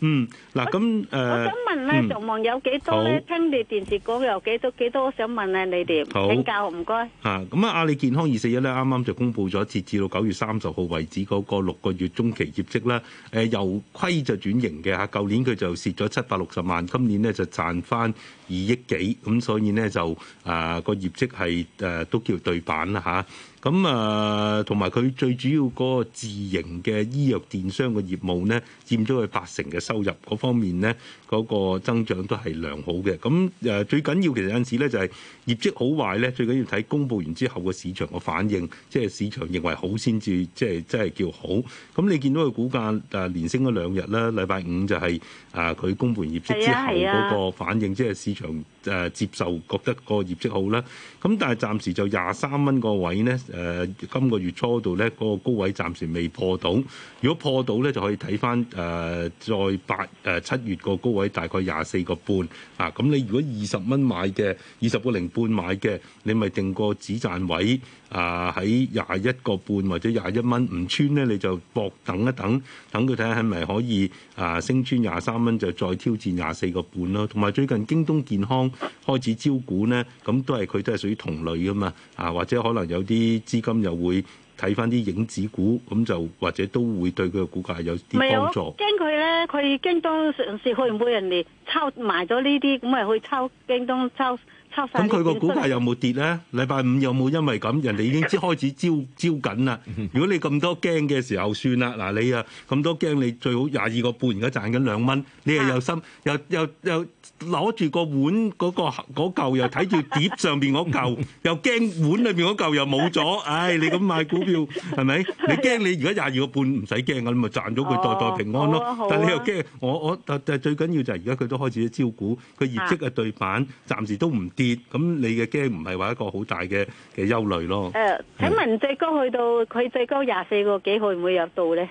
嗯，嗱咁，誒我，嗯、我想問咧，上望有幾多咧？好聽你電視講有幾多幾多？我想問啊，啊，你哋請教唔該。吓，咁啊，阿里健康二四一咧，啱啱就公布咗，截至到九月三十號為止嗰個六個月中期業績啦。誒、呃，由虧就轉型嘅吓，舊年佢就蝕咗七百六十萬，今年咧就賺翻二億幾，咁、嗯、所以呢，就誒個、呃、業績係誒都叫對版。啦、啊、吓。咁啊，同埋佢最主要嗰個自營嘅醫藥電商嘅業務咧，佔咗佢八成嘅收入，嗰方面咧，嗰個增長都係良好嘅。咁誒最緊要其實有陣時咧，就係業績好壞咧，最緊要睇公佈完之後個市場個反應，即係市場認為好先至，即係即係叫好。咁你見到佢股價誒連升咗兩日啦，禮拜五就係誒佢公佈完業績之後嗰個反應，啊啊、即係市場。誒、呃、接受覺得個業績好啦，咁但係暫時就廿三蚊個位呢。誒、呃、今個月初度呢，個高位暫時未破到。如果破到呢就可以睇翻誒再八誒七月個高位大概廿四個半啊。咁你如果二十蚊買嘅，二十個零半買嘅，你咪定個止賺位。啊！喺廿一個半或者廿一蚊唔穿咧，你就搏等一等，等佢睇下係咪可以啊升穿廿三蚊，就再挑戰廿四個半咯。同埋最近京東健康開始招股咧，咁都係佢都係屬於同類噶嘛啊，或者可能有啲資金又會睇翻啲影子股，咁就或者都會對佢個股價有啲幫助。驚佢咧，佢京東上市會唔會人哋抄埋咗呢啲，咁咪去抄京東抄？咁佢個股價有冇跌咧？禮拜五有冇因為咁人哋已經開始招招緊啦。如果你咁多驚嘅時候算啦，嗱你啊咁多驚，你最好廿二個半而家賺緊兩蚊，你又有心又又又攞住個碗嗰個嗰嚿，又睇住碟上邊嗰嚿，又驚碗裏邊嗰嚿又冇咗。唉，你咁買股票係咪？你驚你而家廿二個半唔使驚㗎，你咪賺咗佢代代平安咯。但係你又驚，我我但係最緊要就係而家佢都開始招股，佢業績係對板，暫時都唔跌。咁你嘅驚唔係話一個好大嘅嘅憂慮咯？誒，請問最高去到佢最高廿四個幾，會唔會入到咧？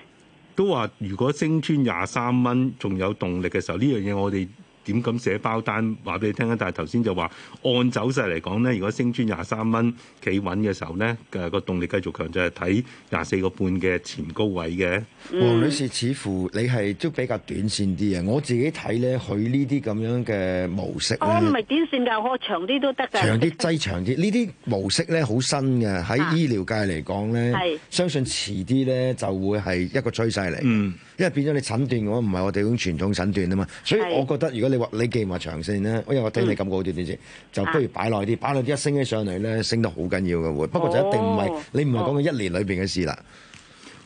都話如果升穿廿三蚊，仲有動力嘅時候，呢樣嘢我哋。點咁寫包單？話俾你聽啊！但係頭先就話按走勢嚟講咧，如果升穿廿三蚊企穩嘅時候咧，嘅個動力繼續強就係睇廿四個半嘅前高位嘅。黃、嗯、女士似乎你係都比較短線啲啊！我自己睇咧，佢呢啲咁樣嘅模式我唔係短線㗎，我長啲都得㗎。長啲擠長啲，呢啲 模式咧好新嘅，喺醫療界嚟講咧，啊嗯、相信遲啲咧就會係一個趨勢嚟。嗯，因為變咗你診斷我唔係我哋嗰種傳統診斷啊嘛，所以我覺得如果你你既然話長線咧？因為我聽你咁講啲短線，嗯、就不如擺耐啲，擺耐啲一升起上嚟咧，升得好緊要嘅喎。不過就一定唔係，哦、你唔係講緊一年裏邊嘅事啦。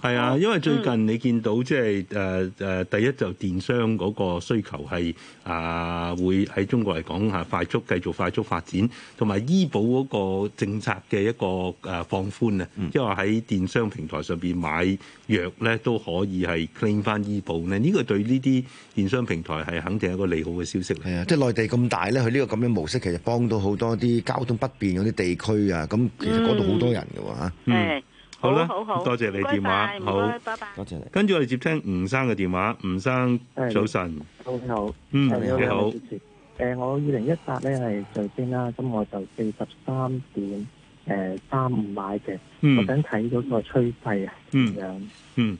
係啊，因為最近你見到即係誒誒，嗯、第一就電商嗰個需求係啊、呃，會喺中國嚟講嚇快速繼續快速發展，同埋醫保嗰個政策嘅一個誒放寬啊，即係話喺電商平台上邊買藥咧都可以係 claim 翻醫保咧，呢、呢個對呢啲電商平台係肯定係一個利好嘅消息啦。啊，即係內地咁大咧，佢呢個咁樣模式其實幫到好多啲交通不便嗰啲地區啊，咁其實嗰度好多人嘅喎嗯。嗯。好啦，好多謝你電話，謝謝好，多謝，謝你。跟住我哋接聽吳生嘅電話，吳生早晨，早晨好，嗯，你好，誒，我二零一八咧係最先啦，咁我就四十三點誒三五買嘅，我想睇咗個趨勢啊，嗯，好嗯，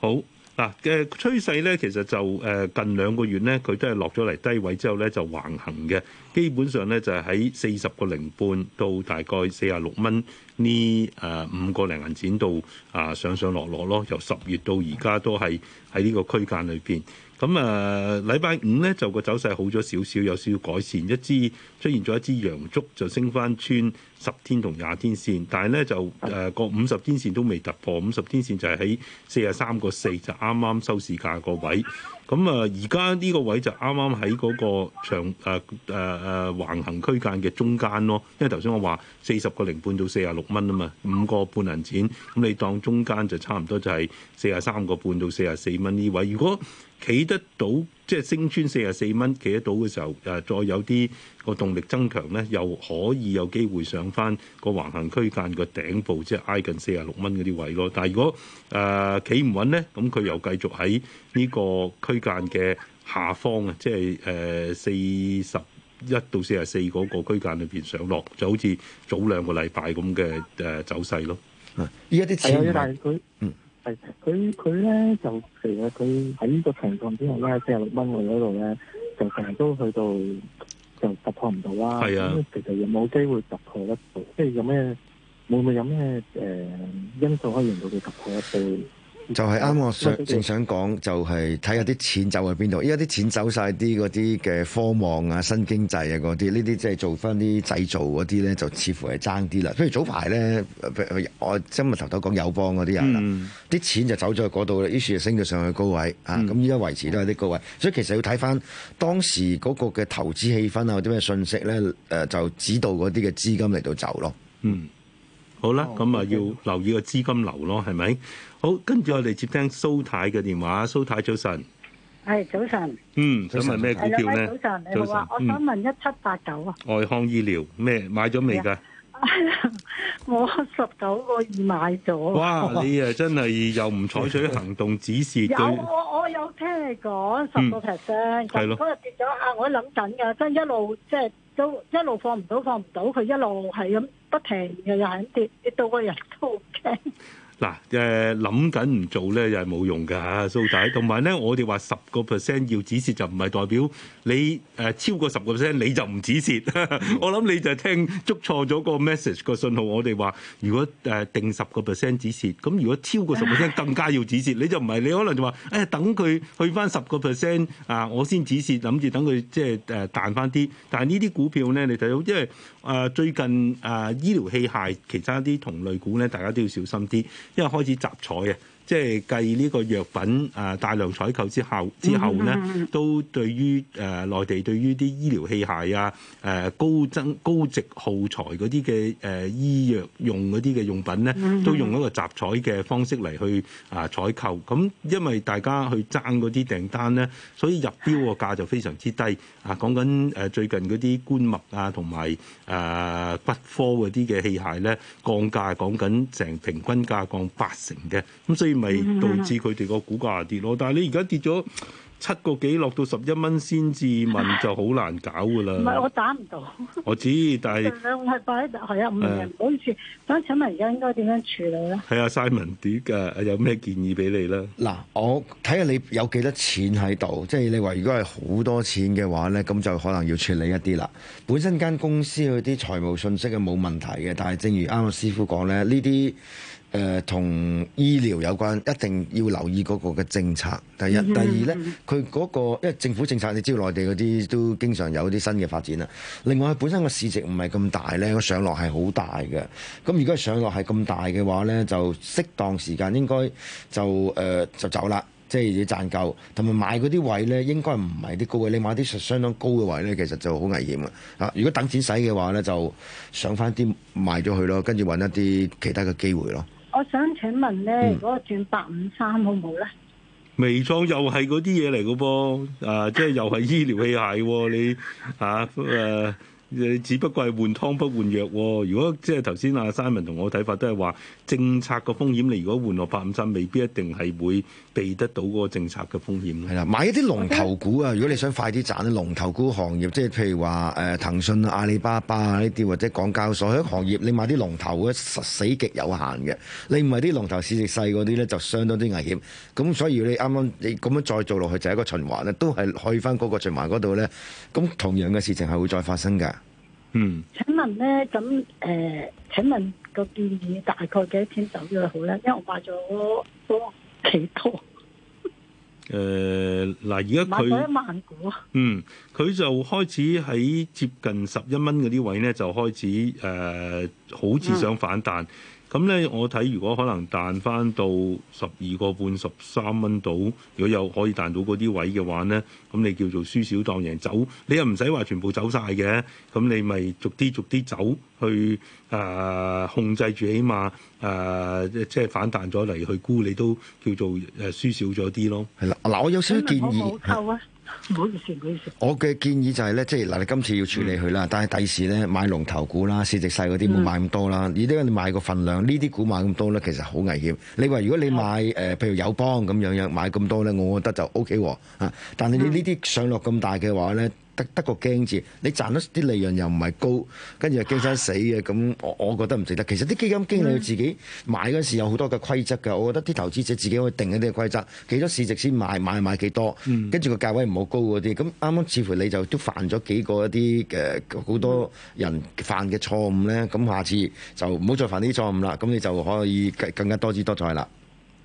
好。嗱嘅、啊、趨勢咧，其實就誒、呃、近兩個月咧，佢都係落咗嚟低位之後咧，就橫行嘅。基本上咧，就係喺四十個零半到大概四十六蚊呢、誒五個零銀錢度啊上上落落咯。由十月到而家都係喺呢個區間裏邊。咁啊，禮拜、嗯、五呢，就個走勢好咗少少，有少少改善。一支出現咗一支陽燭，就升返穿十天同廿天線，但係呢，就誒個五十天線都未突破。五十天線就係喺四十三個四就啱啱收市價個位。咁啊，而家呢個位就啱啱喺嗰個長誒誒誒橫行區間嘅中間咯，因為頭先我話四十個零半到四十六蚊啊嘛，五個半銀錢，咁你當中間就差唔多就係四十三個半到四十四蚊呢位，如果企得到。即係升穿四十四蚊企得到嘅時候，誒再有啲個動力增強咧，又可以有機會上返個橫行區間個頂部，即係挨近四十六蚊嗰啲位咯。但係如果誒企唔穩咧，咁佢又繼續喺呢個區間嘅下方啊，即係誒四十一到四十四嗰個區間裏邊上落，就好似早兩個禮拜咁嘅誒走勢咯。而家啲錢嗯。係佢佢咧就其實佢喺呢個情況之下咧，四十六蚊嗰度咧就成日都去到就突破唔到啦。係啊，咁是、啊、其實有冇機會突破得到，即係有咩會唔會有咩誒、呃、因素可以令到佢突破得到？就係啱我想正想講，就係睇下啲錢走去邊度。依家啲錢走晒啲嗰啲嘅科網啊、新經濟啊嗰啲，呢啲即係做翻啲製造嗰啲咧，就似乎係爭啲啦。譬如早排咧，我今日頭頭講友邦嗰啲人啦，啲、嗯、錢就走咗去嗰度啦，於是就升咗上去高位啊。咁依家維持都係啲高位，所以其實要睇翻當時嗰個嘅投資氣氛啊，或者咩信息咧，誒就指導嗰啲嘅資金嚟到走咯。嗯，好啦，咁啊、哦、要留意個資金流咯，係咪？好，跟住我哋接聽蘇太嘅電話，蘇太早晨。係，早晨。嗯，想問咩股票呢？早晨 你好啊，我想問一七八九啊，愛康醫療，咩？買咗未㗎？我19個月買咗,哇, 你真係又唔採取行動, 止蝕都……有，我我有聽你講十個 percent，係咯，嗰日跌咗啊。我諗緊㗎，即係一路，即係都一路放唔到，放唔到，佢一路係咁不停，又又跌，跌到個人都驚。嗱，誒諗緊唔做咧，又係冇用㗎，啊，蘇仔。同埋咧，我哋話十個 percent 要止蝕就唔係代表你誒，呃、超過十個 percent 你就唔止蝕。 我諗你就係聽捉錯咗個 message 個信號。我哋話如果誒，呃、定十個 percent 止蝕，咁如果超過十個 percent 更加要止蝕。你就唔係你可能就話誒，哎、等佢去翻十個 percent 啊，我先止蝕，諗住等佢即係誒彈翻啲。但係呢啲股票咧，你睇到因為誒，呃、最近誒，呃、醫療器械其他啲同類股咧，大家都要小心啲。因為開始集採啊！即係計呢個藥品誒大量採購之後之後咧，都對於誒內地對於啲醫療器械啊、誒、呃、高增高值耗材嗰啲嘅誒醫藥用嗰啲嘅用品咧，都用一個集採嘅方式嚟去啊採購，咁因為大家去爭嗰啲訂單咧，所以入標個價就非常之低啊！講緊誒最近嗰啲冠脈啊，同埋誒骨科嗰啲嘅器械咧，降價講緊成平均價降八成嘅，咁所以。咪導致佢哋個股價跌咯，但係你而家跌咗七個幾落到十一蚊先至問，就好難搞噶啦。唔係我打唔到。 我知，但係、嗯、兩塊八係啊，五人，唔好意思。咁請問而家應該點樣處理咧？係啊，Simon 跌㗎，有咩建議俾你咧？嗱，我睇下你有幾多，多錢喺度，即係你話如果係好多錢嘅話咧，咁就可能要處理一啲啦。本身間公司嗰啲財務信息係冇問題嘅，但係正如啱啱師傅講咧，呢啲。誒同、呃、醫療有關，一定要留意嗰個嘅政策。第一，第二咧，佢嗰、嗰個因為政府政策，你知道內地嗰啲都經常有啲新嘅發展啦。另外，佢本身個市值唔係咁大呢，個上落係好大嘅。咁如果上落係咁大嘅話呢，就適當時間應該就誒、呃、就走啦，即係你賺夠，同埋買嗰啲位呢應該唔係啲高嘅，你買啲相相當高嘅位呢其實就好危險啊，如果等錢使嘅話呢，就上翻啲賣咗佢咯，跟住揾一啲其他嘅機會咯。我想請問咧，如果轉八五三好唔好咧？微創、嗯、又係嗰啲嘢嚟嘅噃，啊，即係又係醫療器械喎、啊，你啊誒。啊。你只不過係換湯不換藥喎。如果即係頭先阿 Simon 同我睇法都係話，政策個風險你如果換落八五三，未必一定係會避得到嗰個政策嘅風險。係啦，買一啲龍頭股啊！如果你想快啲賺，龍頭股行業即係譬如話誒騰訊、阿里巴巴呢啲或者港交所喺行業，你買啲龍頭股實死極有限嘅。你唔係啲龍頭市值細嗰啲咧，就相當啲危險。咁所以你啱啱你咁樣再做落去就係一個循環啦，都係去翻嗰個循環嗰度咧。咁同樣嘅事情係會再發生㗎。嗯，請問咧咁誒？請問個建議大概幾多天走咗好咧？因為我買咗多幾多？誒，嗱，而家買咗一萬股啊。嗯，佢就開始喺接近十一蚊嗰啲位咧，就開始誒、呃，好似想反彈。嗯咁咧，我睇如果可能彈翻到十二個半十三蚊到，如果有可以彈到嗰啲位嘅話咧，咁你叫做輸少當贏走，你又唔使話全部走晒嘅，咁你咪逐啲逐啲走去誒、呃、控制住，起碼誒、呃、即係反彈咗嚟去沽，你都叫做誒輸少咗啲咯。係啦，嗱，我有少少建議。 唔好意思，唔好意思。我嘅建議就係、是、咧，即係嗱，你今次要處理佢啦，但係第時咧買龍頭股啦，市值細嗰啲冇買咁多啦，而家、嗯、你買個份量，呢啲股買咁多咧，其實好危險。你話如果你買誒、呃，譬如友邦咁樣樣買咁多咧，我覺得就 O K 喎嚇。但係你呢啲上落咁大嘅話咧。嗯。得得個驚字，你賺得啲利潤又唔係高，跟住又驚生死嘅，咁唉 我我覺得唔值得。其實啲基金經理自己買嗰時有好多嘅規則㗎，我覺得啲投資者自己可以定一啲規則，幾多市值先買，買買幾多，跟住個價位唔好高嗰啲。咁啱啱似乎你就都犯咗幾個一啲嘅好多人犯嘅錯誤咧。咁下次就唔好再犯呢啲錯誤啦。咁你就可以更加多姿多彩啦。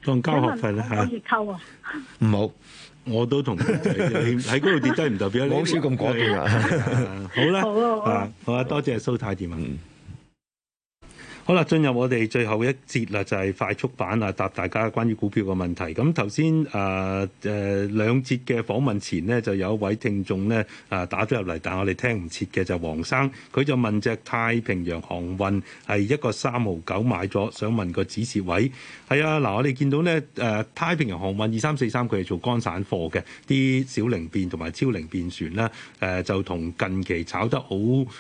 仲交學費啦嚇？唔好。我都同你喺嗰度跌低唔代表 你講笑咁講好啦、啊 吧。好啦，啊，好啊，多謝蘇太點問。好啦，進入我哋最後一節啦，就係、是、快速版啊，答大家關於股票嘅問題。咁頭先啊，誒、呃呃、兩節嘅訪問前呢，就有一位聽眾呢啊、呃、打咗入嚟，但係我哋聽唔切嘅就黃生，佢就問隻太平洋航運係一個三毫九買咗，想問個止蝕位。係啊，嗱、呃，我哋見到呢誒、呃、太平洋航運二三四三，佢係做乾散貨嘅，啲小靈便同埋超靈便船啦，誒、呃、就同近期炒得好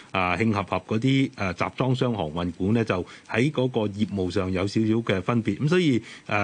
啊興合合嗰啲誒集裝箱航運股呢，就，喺嗰個業務上有少少嘅分別，咁所以誒乾、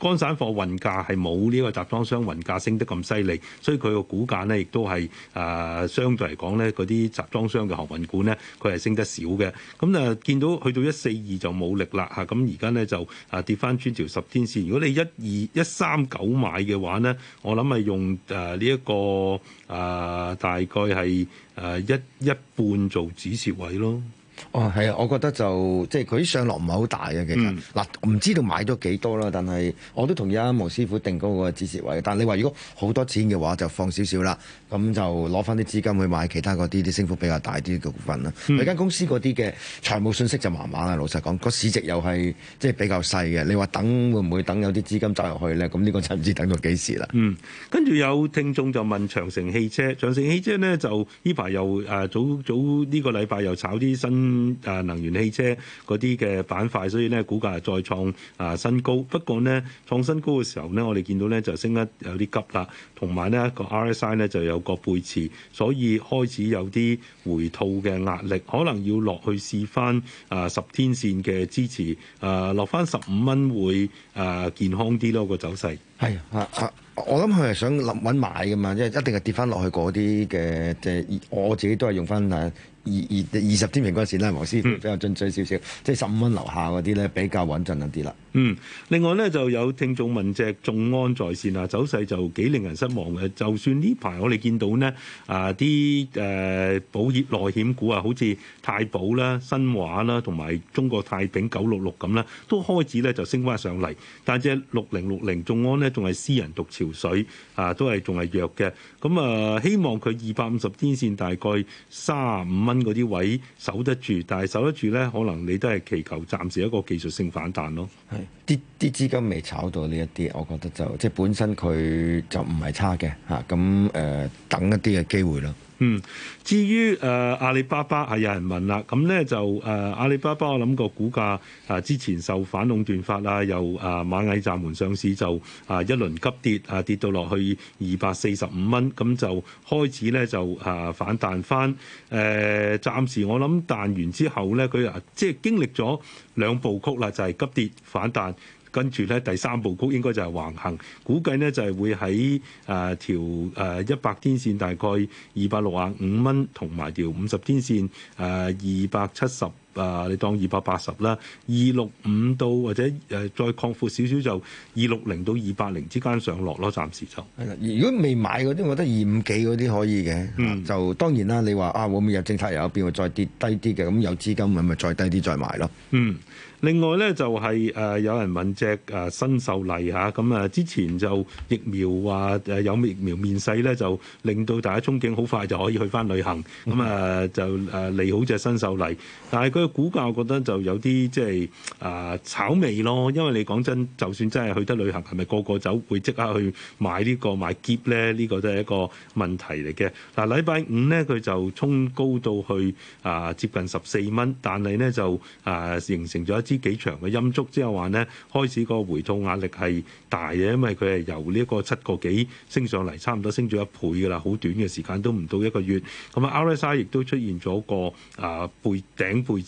呃、散貨運價係冇呢個集裝箱運價升得咁犀利，所以佢個股價咧亦都係誒、呃、相對嚟講咧嗰啲集裝箱嘅航運股咧，佢係升得少嘅。咁、嗯、啊見到去到一四二就冇力啦嚇，咁而家咧就啊跌翻穿條十天線。如果你一二一三九買嘅話咧，我諗係用誒呢一個誒、呃、大概係誒一一半做止蝕位咯。哦，係啊，我覺得就即係佢上落唔係好大嘅，其實嗱，唔、嗯、知道買咗幾多啦，但係我都同意阿毛師傅定高個止蝕位。但係你話如果好多錢嘅話，就放少少啦，咁就攞翻啲資金去買其他嗰啲啲升幅比較大啲嘅股份啦。有間、嗯、公司嗰啲嘅財務信息就麻麻啦，老實講，個市值又係即係比較細嘅。你話等會唔會等有啲資金走入去咧？咁呢個就唔知等到幾時啦。嗯，跟住有聽眾就問長城汽車，長城汽車呢？就呢排又誒、啊、早早呢個禮拜又炒啲新。嗯，能源汽車嗰啲嘅板塊，所以咧股價再創啊新高。不過呢，創新高嘅時候呢，我哋見到呢就升得有啲急啦，同埋呢個 RSI 呢就有個背馳，所以開始有啲回吐嘅壓力，可能要落去試翻啊十天線嘅支持，啊、呃、落翻十五蚊會啊健康啲咯個走勢。係啊啊，我諗佢係想搵買噶嘛，因為一定係跌翻落去嗰啲嘅，即、就、係、是、我自己都係用翻啊。二二二十天平嗰陣時咧，黃師傅比較進取少少，嗯、即係十五蚊樓下嗰啲咧比較穩陣一啲啦。嗯，另外咧就有聽眾問隻眾安在線啊，走勢就幾令人失望嘅。就算呢排我哋見到呢啊，啲誒、呃、保險內險股啊，好似太保啦、新華啦，同埋中國太平九六六咁啦，都開始咧就升翻上嚟。但係隻六零六零眾安呢，仲係私人獨潮水啊，都係仲係弱嘅。咁啊、呃，希望佢二百五十天線大概三十五蚊。嗰啲位守得住，但係守得住咧，可能你都係祈求暫時一個技術性反彈咯。係，啲啲資金未炒到呢一啲，我覺得就即係本身佢就唔係差嘅吓。咁、啊、誒、呃，等一啲嘅機會咯。嗯，至於誒、呃、阿里巴巴係有、哎、人問啦，咁、嗯、咧就誒、呃、阿里巴巴，我諗個股價啊、呃，之前受反壟斷法啊，由啊、呃、螞蟻站門上市就啊、呃、一輪急跌啊跌到落去二百四十五蚊，咁、嗯、就開始咧就啊反彈返誒，暫、呃、時我諗彈完之後咧，佢啊即係經歷咗兩部曲啦，就係、是、急跌反彈。跟住咧第三部曲應該就係橫行，估計咧就係、是、會喺誒、呃、條誒一百天線，大概二百六十五蚊，同埋條五十天線誒二百七十。呃誒，你當二百八十啦，二六五到或者誒再擴闊少少就二六零到二八零之間上落咯，暫時就係啦。如果未買嗰啲，我覺得二五幾嗰啲可以嘅、嗯啊。就當然啦，你話啊，會唔會有政策又有變，會再跌低啲嘅？咁有資金咪咪再低啲再買咯。嗯，另外咧就係、是、誒有人問隻誒新秀麗嚇，咁啊之前就疫苗話誒、啊、有疫苗面世咧，就令到大家憧憬好快就可以去返旅行，咁啊、嗯嗯、就誒利好隻新秀麗，但係佢。個股價我覺得就有啲即係啊炒味咯，因為你講真，就算真係去得旅行，係咪個個走會即刻去買，這個、買呢個買喼咧？呢個都係一個問題嚟嘅。嗱、呃，禮拜五呢，佢就衝高到去啊、呃、接近十四蚊，但係呢就啊、呃、形成咗一支幾長嘅陰燭，之後話呢，開始個回吐壓力係大嘅，因為佢係由呢一個七個幾升上嚟，差唔多升咗一倍㗎喇，好短嘅時間都唔到一個月。咁、呃、啊，RSI 亦都出現咗個啊、呃、背頂背。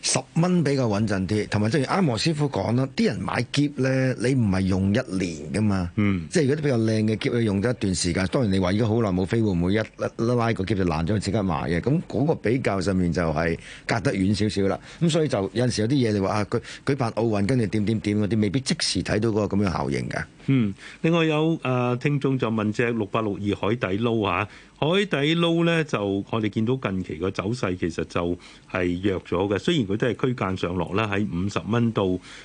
十蚊比較穩陣啲，同埋正如啱黃師傅講啦，啲人買篋咧，你唔係用一年㗎嘛，嗯，即係如果啲比較靚嘅篋，你用咗一段時間，當然你話依家好耐冇飛，會唔會一拉拉個篋就爛咗，即刻買嘅？咁、那、嗰個比較上面就係隔得遠少少啦。咁所以就有陣時有啲嘢你話啊，舉舉辦奧運跟住點點點嗰啲，未必即時睇到個咁樣效應嘅。嗯，另外有誒、呃、聽眾就問隻六八六二海底撈嚇。啊海底撈呢，就我哋見到近期個走勢其實就係弱咗嘅，雖然佢都係區間上落啦，喺五十蚊到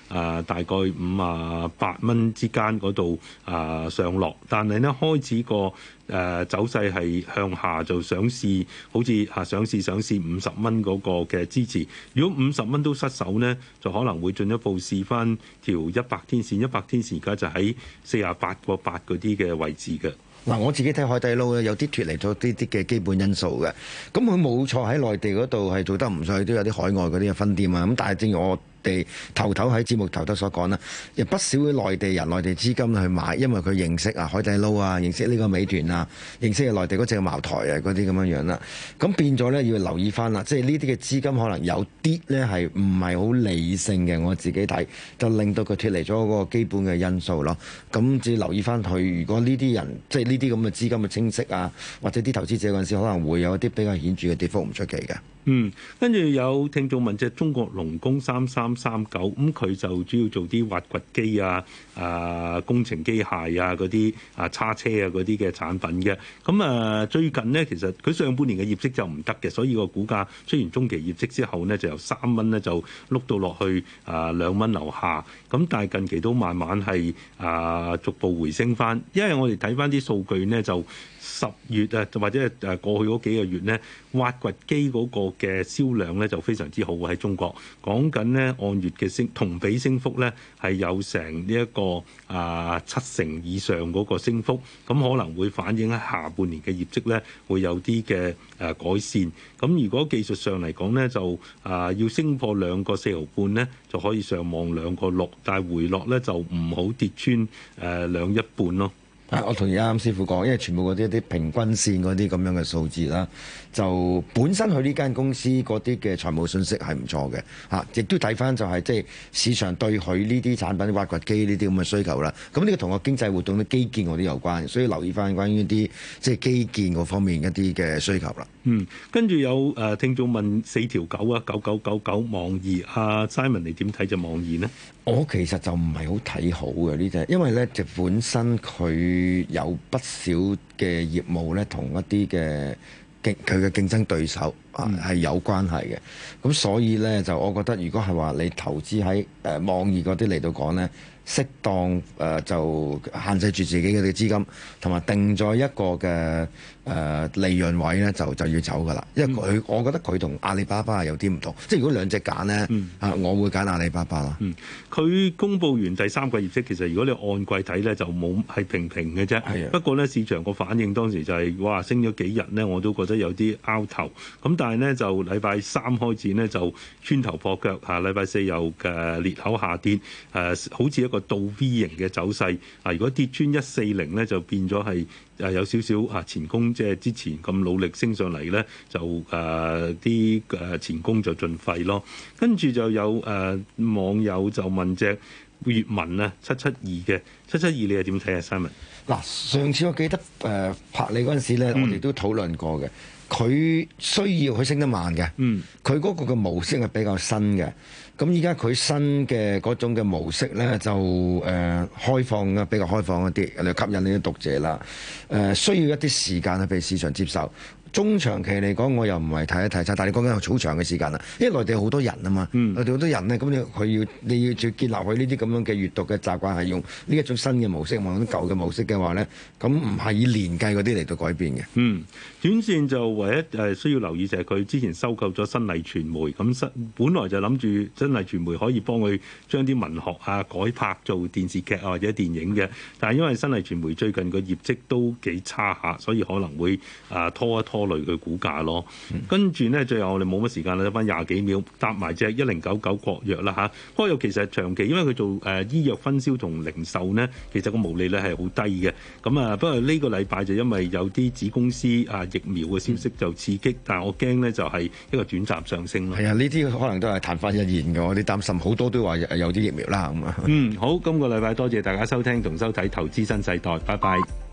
啊、呃、大概五十八蚊之間嗰度啊上落，但係呢開始個誒、呃、走勢係向下就想試，好似啊想試想試五十蚊嗰個嘅支持。如果五十蚊都失守呢，就可能會進一步試返條一百天線，一百天線而家就喺四十八個八嗰啲嘅位置嘅。嗱，我自己睇海底撈有啲脱離咗呢啲嘅基本因素嘅，咁佢冇錯喺內地嗰度係做得唔錯，都有啲海外嗰啲嘅分店啊，咁但係正如我。頭頭喺節目頭頭所講啦，有不少嘅內地人、內地資金去買，因為佢認識啊海底撈啊，認識呢個美團啊，認識嘅內地嗰隻茅台啊，嗰啲咁樣樣啦。咁變咗呢，要留意翻啦，即係呢啲嘅資金可能有啲呢係唔係好理性嘅，我自己睇就令到佢脱離咗嗰個基本嘅因素咯。咁要留意翻佢，如果呢啲人即係呢啲咁嘅資金嘅清晰啊，或者啲投資者嗰陣時可能會有啲比較顯著嘅跌幅，唔出奇嘅。嗯，跟住有聽眾問隻中國龍工三三三九，咁佢就主要做啲挖掘機啊、啊工程機械啊嗰啲啊叉車啊嗰啲嘅產品嘅。咁、嗯、啊最近呢，其實佢上半年嘅業績就唔得嘅，所以個股價雖然中期業績之後呢，就由三蚊呢就碌到落去啊兩蚊樓下，咁但係近期都慢慢係啊逐步回升翻，因為我哋睇翻啲數據呢，就十月啊，就或者誒過去嗰幾個月呢，挖掘機嗰、嗰個。嘅銷量咧就非常之好喎，喺中國講緊呢，按月嘅升同比升幅咧係有成呢一個啊、呃、七成以上嗰個升幅，咁、嗯、可能會反映喺下半年嘅業績咧會有啲嘅誒改善。咁、嗯、如果技術上嚟講咧就啊、呃、要升破兩個四毫半咧就可以上望兩個六，但係回落咧就唔好跌穿誒兩、呃、一半咯。啊、我同意啱啱師傅講，因為全部嗰啲啲平均線嗰啲咁樣嘅數字啦。就本身佢呢間公司嗰啲嘅財務信息係唔錯嘅吓，亦、啊、都睇翻就係、是、即係市場對佢呢啲產品挖掘機呢啲咁嘅需求啦。咁、啊、呢、這個同個經濟活動啲基建嗰啲有關，所以留意翻關於啲即係基建嗰方面一啲嘅需求啦。嗯，跟住有誒、呃、聽眾問四條九啊，九九九九網易啊 Simon，你點睇就網易呢？我其實就唔係好睇好嘅呢隻，因為呢就本身佢有不少嘅業務呢同一啲嘅。佢嘅競爭對手係有關係嘅，咁、嗯、所以咧就我覺得，如果係話你投資喺誒網易嗰啲嚟到講咧，適、呃、當誒、呃、就限制住自己嘅資金，同埋定咗一個嘅。誒、呃、利潤位咧就就要走㗎喇，因為佢我覺得佢同阿里巴巴係有啲唔同，即係如果兩隻揀咧，嗯、啊我會揀阿里巴巴啦。佢、嗯、公布完第三季業績，其實如果你按季睇咧就冇係平平嘅啫。係啊。不過咧市場個反應當時就係、是、哇升咗幾日咧，我都覺得有啲拗頭。咁但係咧就禮拜三開始咧就穿頭破腳，下禮拜四又嘅裂口下跌，誒、呃、好似一個倒 V 型嘅走勢。啊如果跌穿一四零咧就變咗係。誒有少少啊，前功即係之前咁努力升上嚟咧，就誒啲誒前功就盡廢咯。跟住就有誒、呃、網友就問隻閱文啊，七七二嘅七七二你，你係點睇啊，Simon？嗱，上次我記得誒拍你嗰陣時咧，嗯、我哋都討論過嘅。佢需要佢升得慢嘅，嗯，佢嗰個嘅模式係比較新嘅。咁依家佢新嘅嗰種嘅模式咧，就誒、呃、開放嘅比較開放一啲嚟吸引呢啲讀者啦。誒、呃、需要一啲時間去被市場接受，中長期嚟講，我又唔係睇得太差。但係你講緊草長嘅時間啦，因為內地好多人啊嘛，內、嗯、地好多人咧，咁你佢要你要要建立佢呢啲咁樣嘅閱讀嘅習慣，係用呢一種新嘅模式，用舊嘅模式嘅話咧，咁唔係以年計嗰啲嚟到改變嘅。嗯。短線就唯一誒需要留意就係佢之前收購咗新麗傳媒，咁新本來就諗住新麗傳媒可以幫佢將啲文學啊改拍做電視劇啊或者電影嘅，但係因為新麗傳媒最近個業績都幾差下，所以可能會啊拖一拖累佢股價咯。嗯、跟住呢，最後我哋冇乜時間啦，翻廿幾秒搭埋隻一零九九國藥啦嚇。國藥啊其實長期因為佢做誒醫藥分銷同零售呢，其實個毛利率係好低嘅。咁啊，不過呢個禮拜就因為有啲子公司啊。疫苗嘅消息就刺激，但我驚咧就係一個短暫上升咯。係啊、嗯，呢啲可能都係曇花一現嘅，我哋擔心好多都話有啲疫苗啦咁啊。 嗯，好，今個禮拜多謝大家收聽同收睇《投資新世代》，拜拜。